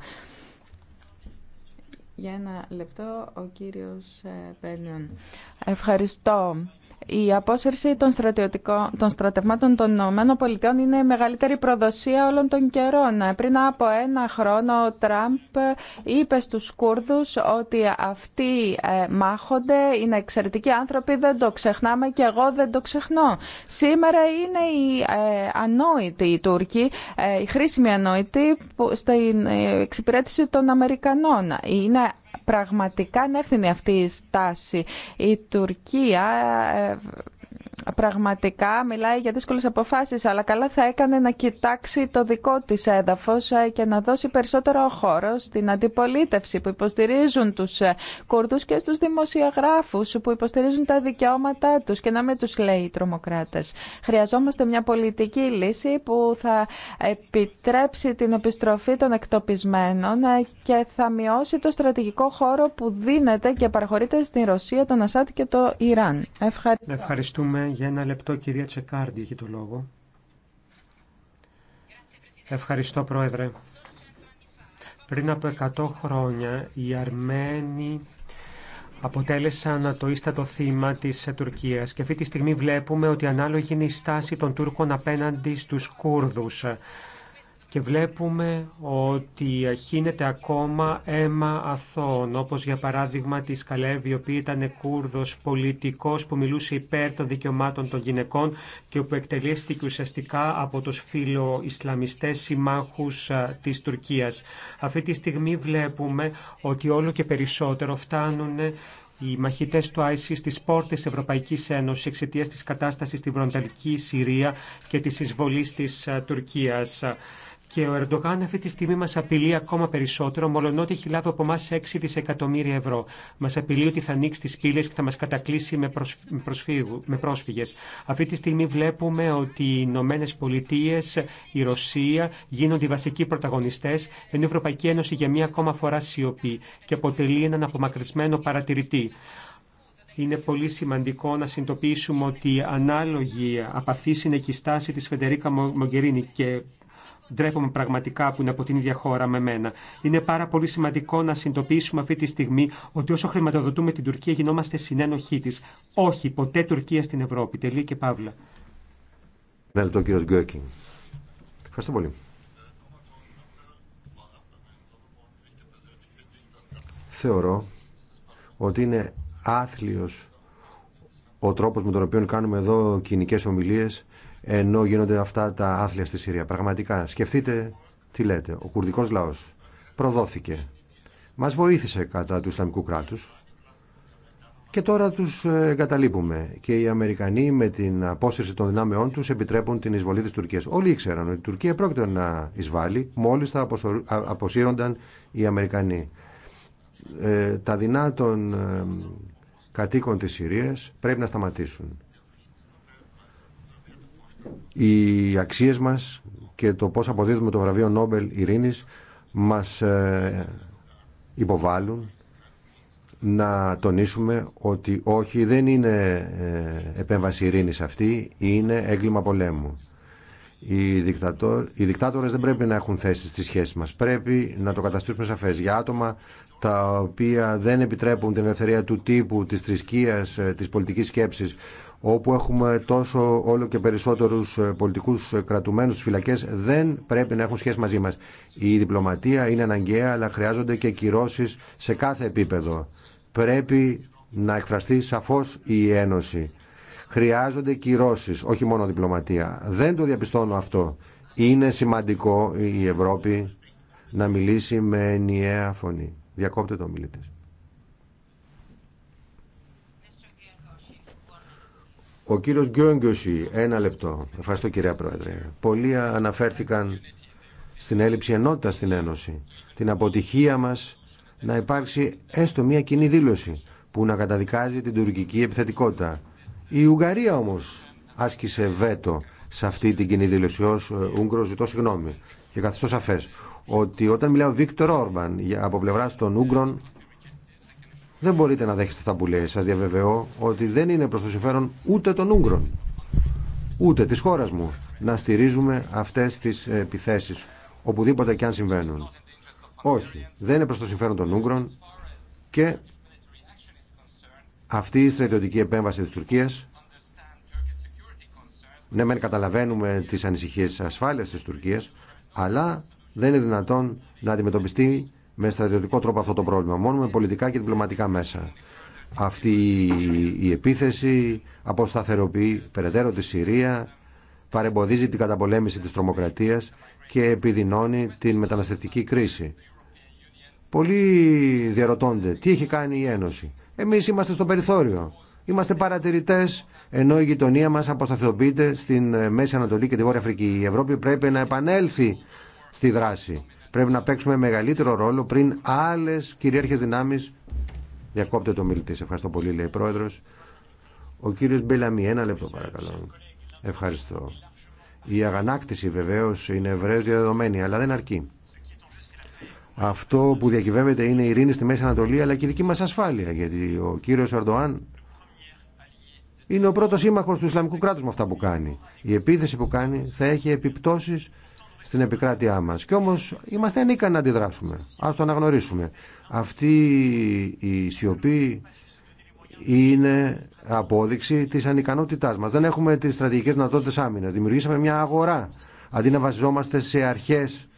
Speaker 3: Για ένα λεπτό, ο κύριος Πέλιον. Ε, Ευχαριστώ. Η απόσυρση των, των στρατευμάτων των ΗΠΑ είναι η μεγαλύτερη προδοσία όλων των καιρών. Πριν από ένα χρόνο ο Τραμπ είπε στους Κούρδους ότι αυτοί ε, μάχονται, είναι εξαιρετικοί άνθρωποι, δεν το ξεχνάμε και εγώ δεν το ξεχνώ. Σήμερα είναι η ε, ανόητοι οι Τούρκοι, ε, οι χρήσιμοι ανόητοι στην εξυπηρέτηση των Αμερικανών. Είναι πραγματικά ανεύθυνη αυτή η στάση. Η Τουρκία ε, πραγματικά μιλάει για δύσκολες αποφάσεις, αλλά καλά θα έκανε να κοιτάξει το δικό της έδαφος ε, και να δώσει περισσότερο χώρο στην αντιπολίτευση που υποστηρίζουν τους ε, Κούρδους και στους δημοσιογράφους που υποστηρίζουν τα δικαιώματά τους και να μην τους λέει οι τρομοκράτες. Χρειαζόμαστε μια πολιτική λύση που θα επιτρέψει την επιστροφή των εκτοπισμένων ε, και θα μειώσει το στρατηγικό χώρο που δίνεται και παραχωρείται στην Ρωσία, τον Ασάτ και το Ιράν.
Speaker 4: Ευχαριστούμε για ένα λεπτό κυρία Τσεκάρντι έχει το λόγο. Ευχαριστώ Πρόεδρε. Πριν από 100 χρόνια οι Αρμένοι αποτέλεσαν το ίστατο θύμα της Τουρκίας και αυτή τη στιγμή βλέπουμε ότι ανάλογη είναι η στάση των Τούρκων απέναντι στους Κούρδους και βλέπουμε ότι χύνεται ακόμα αίμα αθώων, όπως για παράδειγμα τη Καλέβη, η οποία ήταν Κούρδος πολιτικός που μιλούσε υπέρ των δικαιωμάτων των γυναικών και που εκτελέστηκε ουσιαστικά από τους φιλοϊσλαμιστές συμμάχους της Τουρκίας. Αυτή τη στιγμή βλέπουμε ότι όλο και περισσότερο φτάνουν οι μαχητέ του ISIS στι πόρτε τη Ευρωπαϊκή Ένωση εξαιτία τη κατάσταση στη βρονταλική Συρία και τη εισβολή τη Τουρκία. Και ο Ερντογάν αυτή τη στιγμή μα απειλεί ακόμα περισσότερο, μολονότι έχει λάβει από εμά 6 δισεκατομμύρια ευρώ. Μα απειλεί ότι θα ανοίξει τι πύλε και θα μα κατακλείσει με, με πρόσφυγε. Αυτή τη στιγμή βλέπουμε ότι οι Ηνωμένε Πολιτείε, η Ρωσία γίνονται οι βασικοί πρωταγωνιστέ, ενώ η Ευρωπαϊκή Ένωση για μία ακόμα φορά σιωπεί και αποτελεί έναν απομακρυσμένο παρατηρητή. Είναι πολύ σημαντικό να συνειδητοποιήσουμε ότι ανάλογη απαθή είναι και η Φεντερίκα Μογκερίνη και Ντρέπομαι πραγματικά που είναι από την ίδια χώρα με μένα. Είναι πάρα πολύ σημαντικό να συνειδητοποιήσουμε αυτή τη στιγμή ότι όσο χρηματοδοτούμε την Τουρκία γινόμαστε συνένοχή τη. Όχι, ποτέ Τουρκία στην Ευρώπη. Τελεί και παύλα.
Speaker 1: κύριο Ευχαριστώ πολύ. Θεωρώ ότι είναι άθλιος ο τρόπος με τον οποίο κάνουμε εδώ κοινικές ομιλίες ενώ γίνονται αυτά τα άθλια στη Συρία. Πραγματικά, σκεφτείτε τι λέτε. Ο κουρδικό λαός προδόθηκε. Μας βοήθησε κατά του Ισλαμικού κράτους και τώρα τους ε, εγκαταλείπουμε. Και οι Αμερικανοί με την απόσυρση των δυνάμεών τους επιτρέπουν την εισβολή τη Τουρκία. Όλοι ήξεραν ότι η Τουρκία πρόκειται να εισβάλλει μόλι θα αποσύρονταν οι Αμερικανοί. Ε, τα δεινά των ε, κατοίκων της Συρίας πρέπει να σταματήσουν οι αξίες μας και το πώς αποδίδουμε το βραβείο Νόμπελ Ειρήνης μας ε, υποβάλλουν να τονίσουμε ότι όχι δεν είναι ε, επέμβαση ειρήνης αυτή, είναι έγκλημα πολέμου. Οι, δικτατόρ, οι δικτάτορες δεν πρέπει να έχουν θέση στις σχέσεις μας. Πρέπει να το καταστήσουμε σαφές για άτομα τα οποία δεν επιτρέπουν την ελευθερία του τύπου, της θρησκείας, ε, της πολιτικής σκέψης, όπου έχουμε τόσο όλο και περισσότερους ε, πολιτικούς ε, κρατουμένους στις φυλακές δεν πρέπει να έχουν σχέση μαζί μας. Η διπλωματία είναι αναγκαία αλλά χρειάζονται και κυρώσεις σε κάθε επίπεδο. Πρέπει να εκφραστεί σαφώς η Ένωση. Χρειάζονται κυρώσεις, όχι μόνο διπλωματία. Δεν το διαπιστώνω αυτό. Είναι σημαντικό η Ευρώπη να μιλήσει με ενιαία φωνή. Διακόπτε το μιλήτες. Ο κύριος Γκιόγκιωση, ένα λεπτό. Ευχαριστώ κυρία Πρόεδρε. Πολλοί αναφέρθηκαν στην έλλειψη ενότητας στην Ένωση. Την αποτυχία μας να υπάρξει έστω μια κοινή δήλωση που να καταδικάζει την τουρκική επιθετικότητα. Η Ουγγαρία όμως άσκησε βέτο σε αυτή την κοινή δήλωση ως ε, Ούγγρος ζητώ συγγνώμη και καθιστώ σαφές ότι όταν μιλάω Βίκτορ Όρμπαν από πλευρά των Ούγγρων δεν μπορείτε να δέχεστε αυτά που λέει. Σας διαβεβαιώ ότι δεν είναι προ το συμφέρον ούτε των Ούγγρων, ούτε τη χώρα μου, να στηρίζουμε αυτές τις επιθέσει οπουδήποτε και αν συμβαίνουν. Όχι, δεν είναι προ το συμφέρον των Ούγγρων και αυτή η στρατιωτική επέμβαση της Τουρκίας ναι, μεν καταλαβαίνουμε τι ανησυχίε ασφάλεια τη Τουρκία, αλλά δεν είναι δυνατόν να αντιμετωπιστεί με στρατιωτικό τρόπο αυτό το πρόβλημα, μόνο με πολιτικά και διπλωματικά μέσα. Αυτή η επίθεση αποσταθεροποιεί περαιτέρω τη Συρία, παρεμποδίζει την καταπολέμηση της τρομοκρατίας και επιδεινώνει την μεταναστευτική κρίση. Πολλοί διαρωτώνται τι έχει κάνει η Ένωση. Εμείς είμαστε στο περιθώριο. Είμαστε παρατηρητές ενώ η γειτονία μας αποσταθεροποιείται στην ε, Μέση Ανατολή και τη Βόρεια Αφρική. Η Ευρώπη πρέπει να επανέλθει στη δράση. Πρέπει να παίξουμε μεγαλύτερο ρόλο πριν άλλε κυρίαρχε δυνάμει. Διακόπτε το μιλητή. Ευχαριστώ πολύ, λέει πρόεδρο. Ο κύριο Μπελαμή, ένα λεπτό παρακαλώ. Ευχαριστώ. Η αγανάκτηση βεβαίω είναι ευρέω διαδεδομένη, αλλά δεν αρκεί. Αυτό που διακυβεύεται είναι η ειρήνη στη Μέση Ανατολή, αλλά και η δική μα ασφάλεια. Γιατί ο κύριο Ερντοάν είναι ο πρώτο σύμμαχο του Ισλαμικού κράτου με αυτά που κάνει. Η επίθεση που κάνει θα έχει επιπτώσει στην επικράτειά μας. Και όμως είμαστε ανίκανοι να αντιδράσουμε. Ας το αναγνωρίσουμε. Αυτή η σιωπή είναι απόδειξη της ανικανότητάς μας. Δεν έχουμε τις στρατηγικές δυνατότητες άμυνας. Δημιουργήσαμε μια αγορά αντί να βασιζόμαστε σε αρχές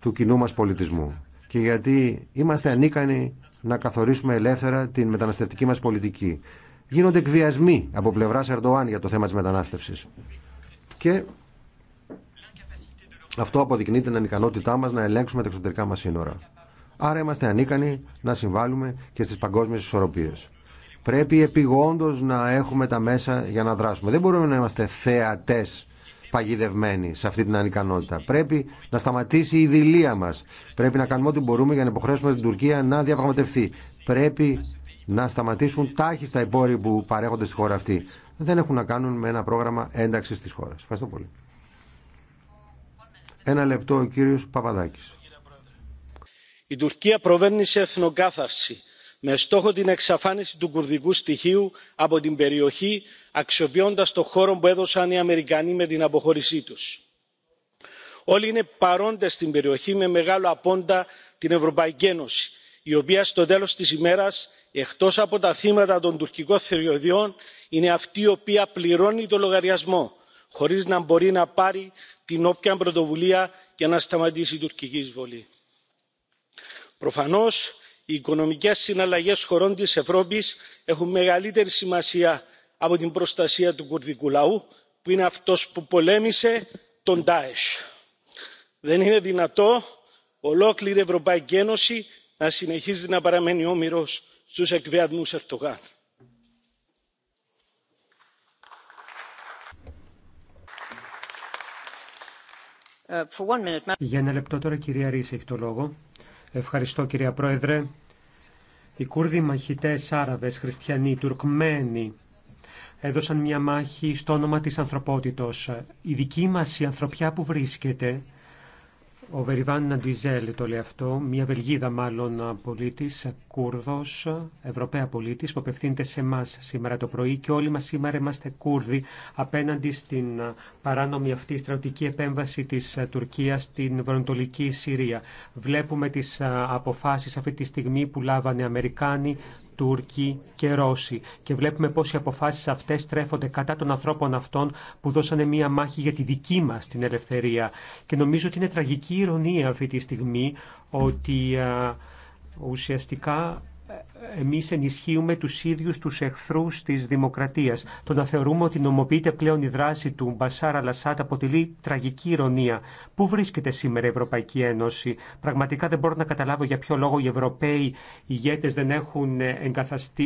Speaker 1: του κοινού μας πολιτισμού. Και γιατί είμαστε ανίκανοι να καθορίσουμε ελεύθερα την μεταναστευτική μας πολιτική. Γίνονται εκβιασμοί από πλευράς Ερντοάν για το θέμα της μετανάστευσης. Και αυτό αποδεικνύει την ανικανότητά μα να ελέγξουμε τα εξωτερικά μα σύνορα. Άρα είμαστε ανίκανοι να συμβάλλουμε και στι παγκόσμιε ισορροπίε. Πρέπει επιγόντω να έχουμε τα μέσα για να δράσουμε. Δεν μπορούμε να είμαστε θεατέ παγιδευμένοι σε αυτή την ανικανότητα. Πρέπει να σταματήσει η δηλία μα. Πρέπει να κάνουμε ό,τι μπορούμε για να υποχρέσουμε την Τουρκία να διαπραγματευτεί. Πρέπει να σταματήσουν τάχιστα οι πόροι που παρέχονται στη χώρα αυτή. Δεν έχουν να κάνουν με ένα πρόγραμμα ένταξη τη χώρα. Ευχαριστώ πολύ. Ένα λεπτό ο κύριος Παπαδάκης. Η Τουρκία προβαίνει σε
Speaker 4: εθνοκάθαρση με στόχο την εξαφάνιση του κουρδικού στοιχείου από την περιοχή αξιοποιώντας το χώρο που έδωσαν οι Αμερικανοί με την αποχώρησή τους. Όλοι είναι παρόντες στην περιοχή με μεγάλο απόντα την Ευρωπαϊκή Ένωση η οποία στο τέλος της ημέρας εκτός από τα θύματα των τουρκικών θηριωδιών είναι αυτή η οποία πληρώνει το λογαριασμό χωρίς να μπορεί να πάρει την όποια πρωτοβουλία για να σταματήσει η τουρκική εισβολή. προφανώς οι οικονομικές συναλλαγές χωρών της ευρώπης έχουν μεγαλύτερη σημασία από την προστασία του κουρδικού λαού που είναι αυτός που πολέμησε τον ντάεσ. δεν είναι δυνατό ολόκληρη η ευρωπαϊκή ένωση να συνεχίζει να παραμένει όμηρος στους εκβιασμούς ερντογάν.
Speaker 3: Ε, Για
Speaker 4: ένα λεπτό τώρα κυρία Ρίση έχει το λόγο. Ευχαριστώ κυρία Πρόεδρε. Οι Κούρδοι μαχητές, Άραβες, Χριστιανοί, Τουρκμένοι έδωσαν μια μάχη στο όνομα της ανθρωπότητος. Η δική μας η ανθρωπιά που βρίσκεται ο Βεριβάν Ναντουιζέλ το λέει αυτό, μια Βελγίδα μάλλον πολίτης, Κούρδος, Ευρωπαία πολίτης, που απευθύνεται σε εμά σήμερα το πρωί και όλοι μας σήμερα είμαστε Κούρδοι απέναντι στην παράνομη αυτή στρατιωτική επέμβαση της Τουρκίας στην βροντολική Συρία. Βλέπουμε τις αποφάσεις αυτή τη στιγμή που λάβανε Αμερικάνοι, Τούρκοι και Ρώσοι. Και βλέπουμε πώ οι αποφάσει αυτές τρέφονται κατά των ανθρώπων αυτών που δώσανε μία μάχη για τη δική μας την ελευθερία. Και νομίζω ότι είναι τραγική ηρωνία αυτή τη στιγμή ότι ουσιαστικά εμείς ενισχύουμε τους ίδιους τους εχθρούς της δημοκρατίας. Το να θεωρούμε ότι νομοποιείται πλέον η δράση του Μπασάρα Λασάτ αποτελεί τραγική ηρωνία. Πού βρίσκεται σήμερα η Ευρωπαϊκή Ένωση. Πραγματικά δεν μπορώ να καταλάβω για ποιο λόγο οι Ευρωπαίοι ηγέτες δεν έχουν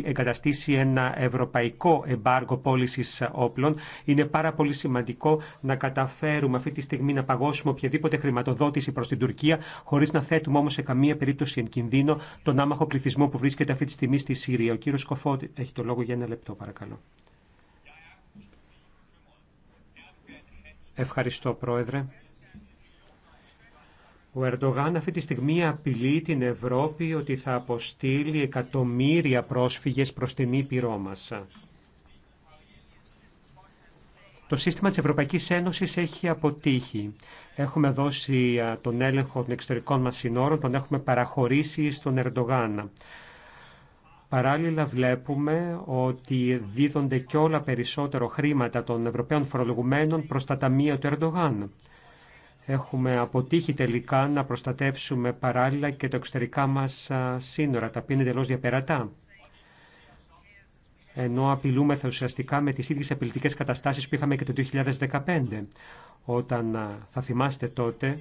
Speaker 4: εγκαταστήσει ένα ευρωπαϊκό εμπάργο πώληση όπλων. Είναι πάρα πολύ σημαντικό να καταφέρουμε αυτή τη στιγμή να παγώσουμε οποιαδήποτε χρηματοδότηση προς την Τουρκία, χωρίς να θέτουμε όμως σε καμία περίπτωση εν κινδύνο τον άμαχο πληθυσμό που βρίσκεται αυτή τη στιγμή στη Συρία. Ο κύριος Κοφώτη έχει το λόγο για ένα λεπτό παρακαλώ. Ευχαριστώ πρόεδρε. Ο Ερντογάν αυτή τη στιγμή απειλεί την Ευρώπη ότι θα αποστείλει εκατομμύρια πρόσφυγες προς την Ήπειρό μας. Το σύστημα της Ευρωπαϊκής Ένωσης έχει αποτύχει. Έχουμε δώσει τον έλεγχο των εξωτερικών μας συνόρων, τον έχουμε παραχωρήσει στον Ερντογάν. Παράλληλα βλέπουμε ότι δίδονται και όλα περισσότερο χρήματα των Ευρωπαίων φορολογουμένων προς τα ταμεία του Ερντογάν. Έχουμε αποτύχει τελικά να προστατεύσουμε παράλληλα και τα εξωτερικά μας σύνορα, τα οποία είναι διαπερατά. Ενώ απειλούμεθα ουσιαστικά με τις ίδιες απειλητικές καταστάσεις που είχαμε και το 2015, όταν θα θυμάστε τότε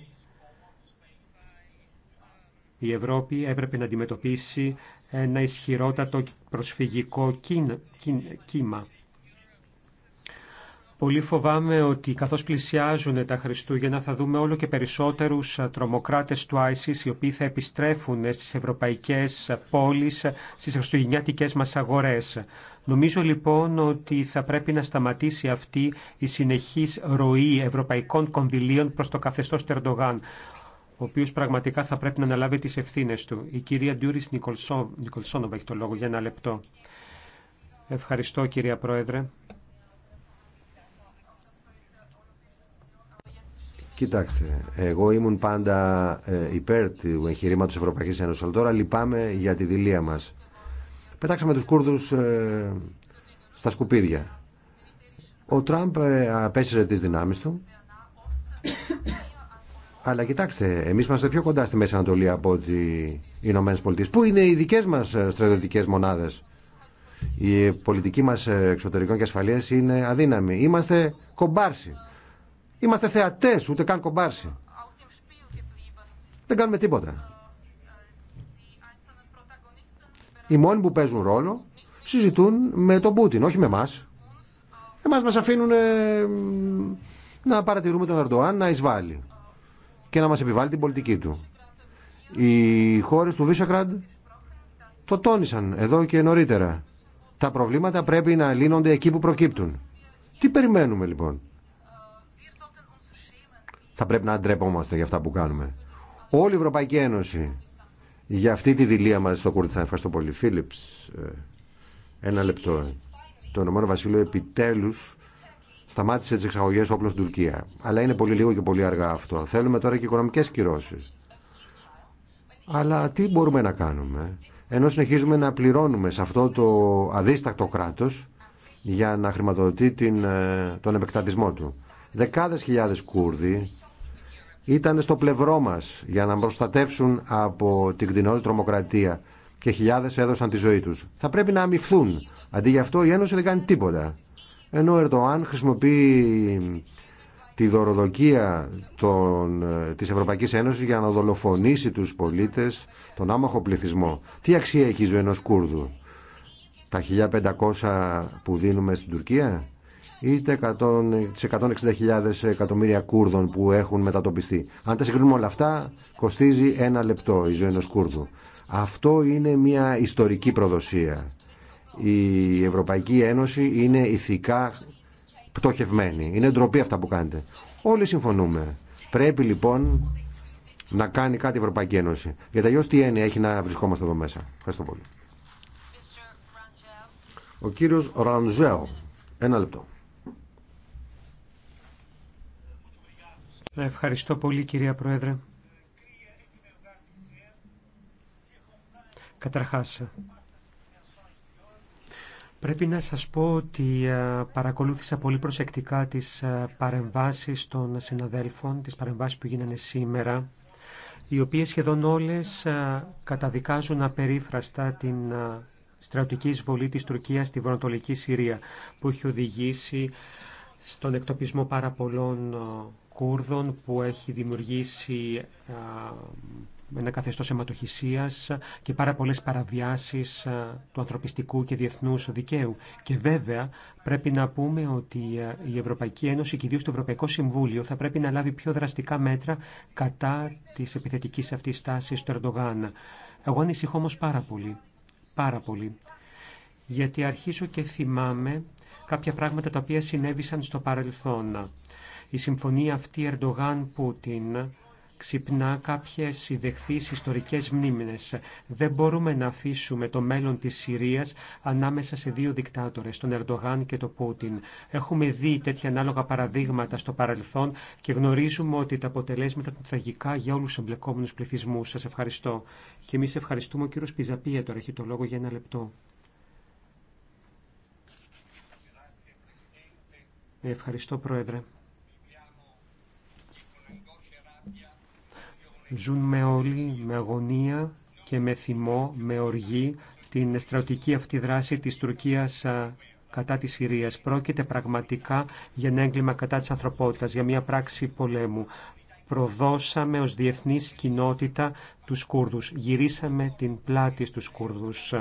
Speaker 4: η Ευρώπη έπρεπε να αντιμετωπίσει ένα ισχυρότατο προσφυγικό κύμα. Πολύ φοβάμαι ότι καθώς πλησιάζουν τα Χριστούγεννα θα δούμε όλο και περισσότερους τρομοκράτες του ISIS οι οποίοι θα επιστρέφουν στις ευρωπαϊκές πόλεις, στις χριστουγεννιάτικες μας αγορές. Νομίζω λοιπόν ότι θα πρέπει να σταματήσει αυτή η συνεχής ροή ευρωπαϊκών κονδυλίων προς το καθεστώς Τερντογάν ο οποίο πραγματικά θα πρέπει να αναλάβει τις ευθύνε του. Η κυρία Ντούρι Νικολσόνοβα έχει το λόγο για ένα λεπτό. Ευχαριστώ κυρία Πρόεδρε.
Speaker 1: Κοιτάξτε, εγώ ήμουν πάντα ε, υπέρ του εγχειρήματο Ευρωπαϊκή Ένωση, αλλά τώρα λυπάμαι για τη δηλία μα. Πετάξαμε του Κούρδου ε, στα σκουπίδια. Ο Τραμπ ε, απέσυρε τι δυνάμει του αλλά κοιτάξτε, εμεί είμαστε πιο κοντά στη Μέση Ανατολή από ότι οι Ηνωμένε Πολιτείε. Πού είναι οι δικέ μα ε, στρατιωτικέ μονάδε. Η πολιτική μα ε, εξωτερικών και ασφαλεία είναι αδύναμη. Είμαστε κομπάρσι. Είμαστε θεατέ, ούτε καν κομπάρσι. Δεν κάνουμε τίποτα. Οι μόνοι που παίζουν ρόλο συζητούν με τον Πούτιν, όχι με εμά. Εμά μα αφήνουν να παρατηρούμε τον Ερντοάν να εισβάλλει και να μας επιβάλλει την πολιτική του. Οι χώρες του Βίσεγκραντ το τόνισαν εδώ και νωρίτερα. Τα προβλήματα πρέπει να λύνονται εκεί που προκύπτουν. Τι περιμένουμε λοιπόν. Θα πρέπει να αντρέπομαστε για αυτά που κάνουμε. Όλη η Ευρωπαϊκή Ένωση για αυτή τη δηλία μας στο Κούρτισαν. Ευχαριστώ πολύ. Φίλιπς, ε, ένα λεπτό. Το Ηνωμένο Βασίλειο επιτέλους σταμάτησε τι εξαγωγέ όπλων στην Τουρκία. Αλλά είναι πολύ λίγο και πολύ αργά αυτό. Θέλουμε τώρα και οικονομικέ κυρώσει. Αλλά τι μπορούμε να κάνουμε, ενώ συνεχίζουμε να πληρώνουμε σε αυτό το αδίστακτο κράτο για να χρηματοδοτεί ε, τον επεκτατισμό του. Δεκάδε χιλιάδε Κούρδοι ήταν στο πλευρό μα για να προστατεύσουν από την κτηνότητα τρομοκρατία και χιλιάδε έδωσαν τη ζωή του. Θα πρέπει να αμυφθούν. Αντί γι' αυτό η Ένωση δεν κάνει τίποτα ενώ ο Ερντοάν χρησιμοποιεί τη δωροδοκία των, της Ευρωπαϊκής Ένωσης για να δολοφονήσει τους πολίτες, τον άμαχο πληθυσμό. Τι αξία έχει η ζωή ενός Κούρδου, τα 1500 που δίνουμε στην Τουρκία ή τι 160.000 εκατομμύρια Κούρδων που έχουν μετατοπιστεί. Αν τα συγκρίνουμε όλα αυτά, κοστίζει ένα λεπτό η ζωή ενός Κούρδου. Αυτό είναι μια ιστορική προδοσία η Ευρωπαϊκή Ένωση είναι ηθικά πτωχευμένη. Είναι ντροπή αυτά που κάνετε. Όλοι συμφωνούμε. Πρέπει λοιπόν να κάνει κάτι η Ευρωπαϊκή Ένωση. Γιατί αλλιώ τι έννοια έχει να βρισκόμαστε εδώ μέσα. Ευχαριστώ πολύ. Ο κύριος Ραντζέο. Ένα λεπτό.
Speaker 4: Ευχαριστώ πολύ κυρία Πρόεδρε. Καταρχάς, Πρέπει να σας πω ότι ε, παρακολούθησα πολύ προσεκτικά τις ε, παρεμβάσεις των συναδέλφων, τις παρεμβάσεις που γίνανε σήμερα, οι οποίες σχεδόν όλες ε, καταδικάζουν απερίφραστα την στρατιωτική εισβολή της Τουρκίας στη βορνοτολική Συρία, που έχει οδηγήσει στον εκτοπισμό πάρα πολλών Κούρδων, που έχει δημιουργήσει με ένα καθεστώς αιματοχυσίας και πάρα πολλές παραβιάσεις ε, του ανθρωπιστικού και διεθνούς δικαίου. Και βέβαια πρέπει να πούμε ότι ε, η Ευρωπαϊκή Ένωση και ιδίως το Ευρωπαϊκό Συμβούλιο θα πρέπει να λάβει πιο δραστικά μέτρα κατά της επιθετικής αυτή τάσης του Ερντογάν. Εγώ ανησυχώ όμως πάρα πολύ. Πάρα πολύ. Γιατί αρχίζω και θυμάμαι κάποια πράγματα τα οποία συνέβησαν στο παρελθόν. Η συμφωνία αυτή Ερντογάν-Πούτιν ξυπνά κάποιες ιδεχθείς ιστορικές μνήμες. Δεν μπορούμε να αφήσουμε το μέλλον της Συρίας ανάμεσα σε δύο δικτάτορες, τον Ερντογάν και τον Πούτιν. Έχουμε δει τέτοια ανάλογα παραδείγματα στο παρελθόν και γνωρίζουμε ότι τα αποτελέσματα ήταν τραγικά για όλους τους εμπλεκόμενους πληθυσμούς. Σας ευχαριστώ. Και εμείς ευχαριστούμε ο κύριος Πιζαπία τώρα έχει το λόγο για ένα λεπτό. Ευχαριστώ Πρόεδρε. Ζουν όλοι με αγωνία και με θυμό, με οργή, την στρατιωτική αυτή δράση της Τουρκίας κατά της Συρίας. Πρόκειται πραγματικά για ένα έγκλημα κατά της ανθρωπότητας, για μια πράξη πολέμου. Προδώσαμε ως διεθνής κοινότητα τους Κούρδους. Γυρίσαμε την πλάτη στους Κούρδους.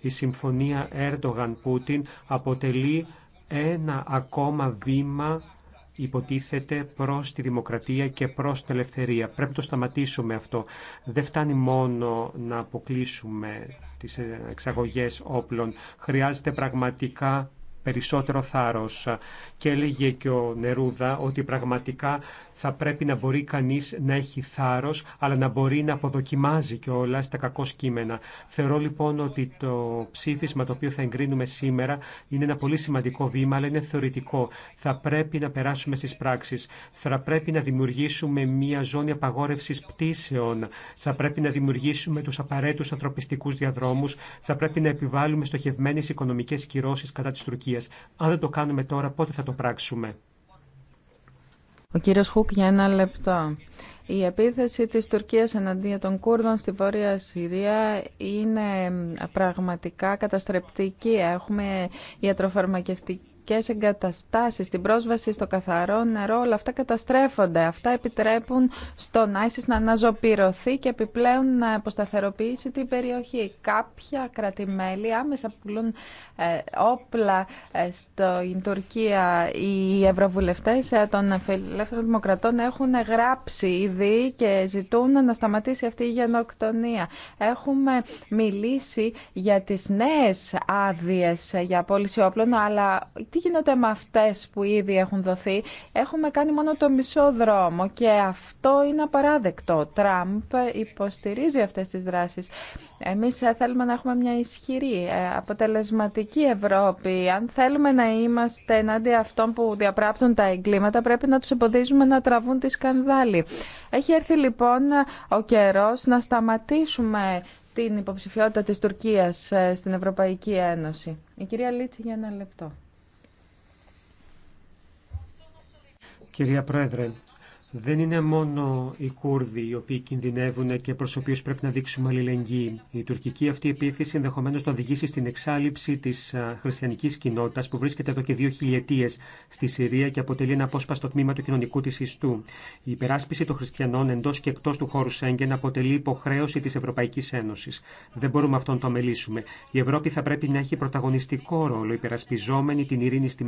Speaker 4: Η συμφωνία Έρντογαν-Πούτιν αποτελεί ένα ακόμα βήμα υποτίθεται προς τη δημοκρατία και προς την ελευθερία. Πρέπει να το σταματήσουμε αυτό. Δεν φτάνει μόνο να αποκλείσουμε τις εξαγωγές όπλων. Χρειάζεται πραγματικά περισσότερο θάρρος. Και έλεγε και ο Νερούδα ότι πραγματικά θα πρέπει να μπορεί κανείς να έχει θάρρος, αλλά να μπορεί να αποδοκιμάζει και όλα στα κακό σκήμενα. Θεωρώ λοιπόν ότι το ψήφισμα το οποίο θα εγκρίνουμε σήμερα είναι ένα πολύ σημαντικό βήμα, αλλά είναι θεωρητικό. Θα πρέπει να περάσουμε στις πράξεις. Θα πρέπει να δημιουργήσουμε μια ζώνη απαγόρευσης πτήσεων. Θα πρέπει να δημιουργήσουμε τους απαραίτητους ανθρωπιστικούς διαδρόμους. Θα πρέπει να επιβάλλουμε στοχευμένες οικονομικές κυρώσεις κατά της Τουρκίας. Αν δεν το κάνουμε τώρα, πότε θα το πράξουμε.
Speaker 3: Ο κύριος Χουκ για ένα λεπτό. Η επίθεση της Τουρκίας εναντίον των Κούρδων στη Βόρεια Συρία είναι πραγματικά καταστρεπτική. Έχουμε ιατροφαρμακευτική σε εγκαταστάσεις, την πρόσβαση στο καθαρό νερό, όλα αυτά καταστρέφονται. Αυτά επιτρέπουν στον ISIS να αναζωπηρωθεί και επιπλέον να αποσταθεροποιήσει την περιοχή. Κάποια κρατημέλη άμεσα πουλούν ε, όπλα ε, στην Τουρκία. Οι ευρωβουλευτές ε, των Ελεύθερων Δημοκρατών έχουν γράψει ήδη και ζητούν να σταματήσει αυτή η γενοκτονία. Έχουμε μιλήσει για τις νέες άδειες για πώληση όπλων, αλλά γίνεται με αυτές που ήδη έχουν δοθεί. Έχουμε κάνει μόνο το μισό δρόμο και αυτό είναι απαράδεκτο. Ο Τραμπ υποστηρίζει αυτές τις δράσεις. Εμείς θέλουμε να έχουμε μια ισχυρή, ε, αποτελεσματική Ευρώπη. Αν θέλουμε να είμαστε ενάντια αυτών που διαπράπτουν τα εγκλήματα, πρέπει να τους εμποδίζουμε να τραβούν τη σκανδάλη. Έχει έρθει λοιπόν ο καιρός να σταματήσουμε την υποψηφιότητα της Τουρκίας ε, στην Ευρωπαϊκή Ένωση. Η κυρία Λίτση για ένα λεπτό.
Speaker 4: Κυρία Πρόεδρε, δεν είναι μόνο οι Κούρδοι οι οποίοι κινδυνεύουν και προ οποίου πρέπει να δείξουμε αλληλεγγύη. Η τουρκική αυτή επίθεση ενδεχομένω να οδηγήσει στην εξάλληψη τη χριστιανική κοινότητα που βρίσκεται εδώ και δύο χιλιετίε στη Συρία και αποτελεί ένα απόσπαστο τμήμα του κοινωνικού τη ιστού. Η υπεράσπιση των χριστιανών εντό και εκτό του χώρου Σέγγεν αποτελεί υποχρέωση τη Ευρωπαϊκή Ένωση. Δεν μπορούμε αυτόν το αμελήσουμε. Η Ευρώπη θα πρέπει να έχει πρωταγωνιστικό ρόλο υπερασπιζόμενη την ειρήνη στη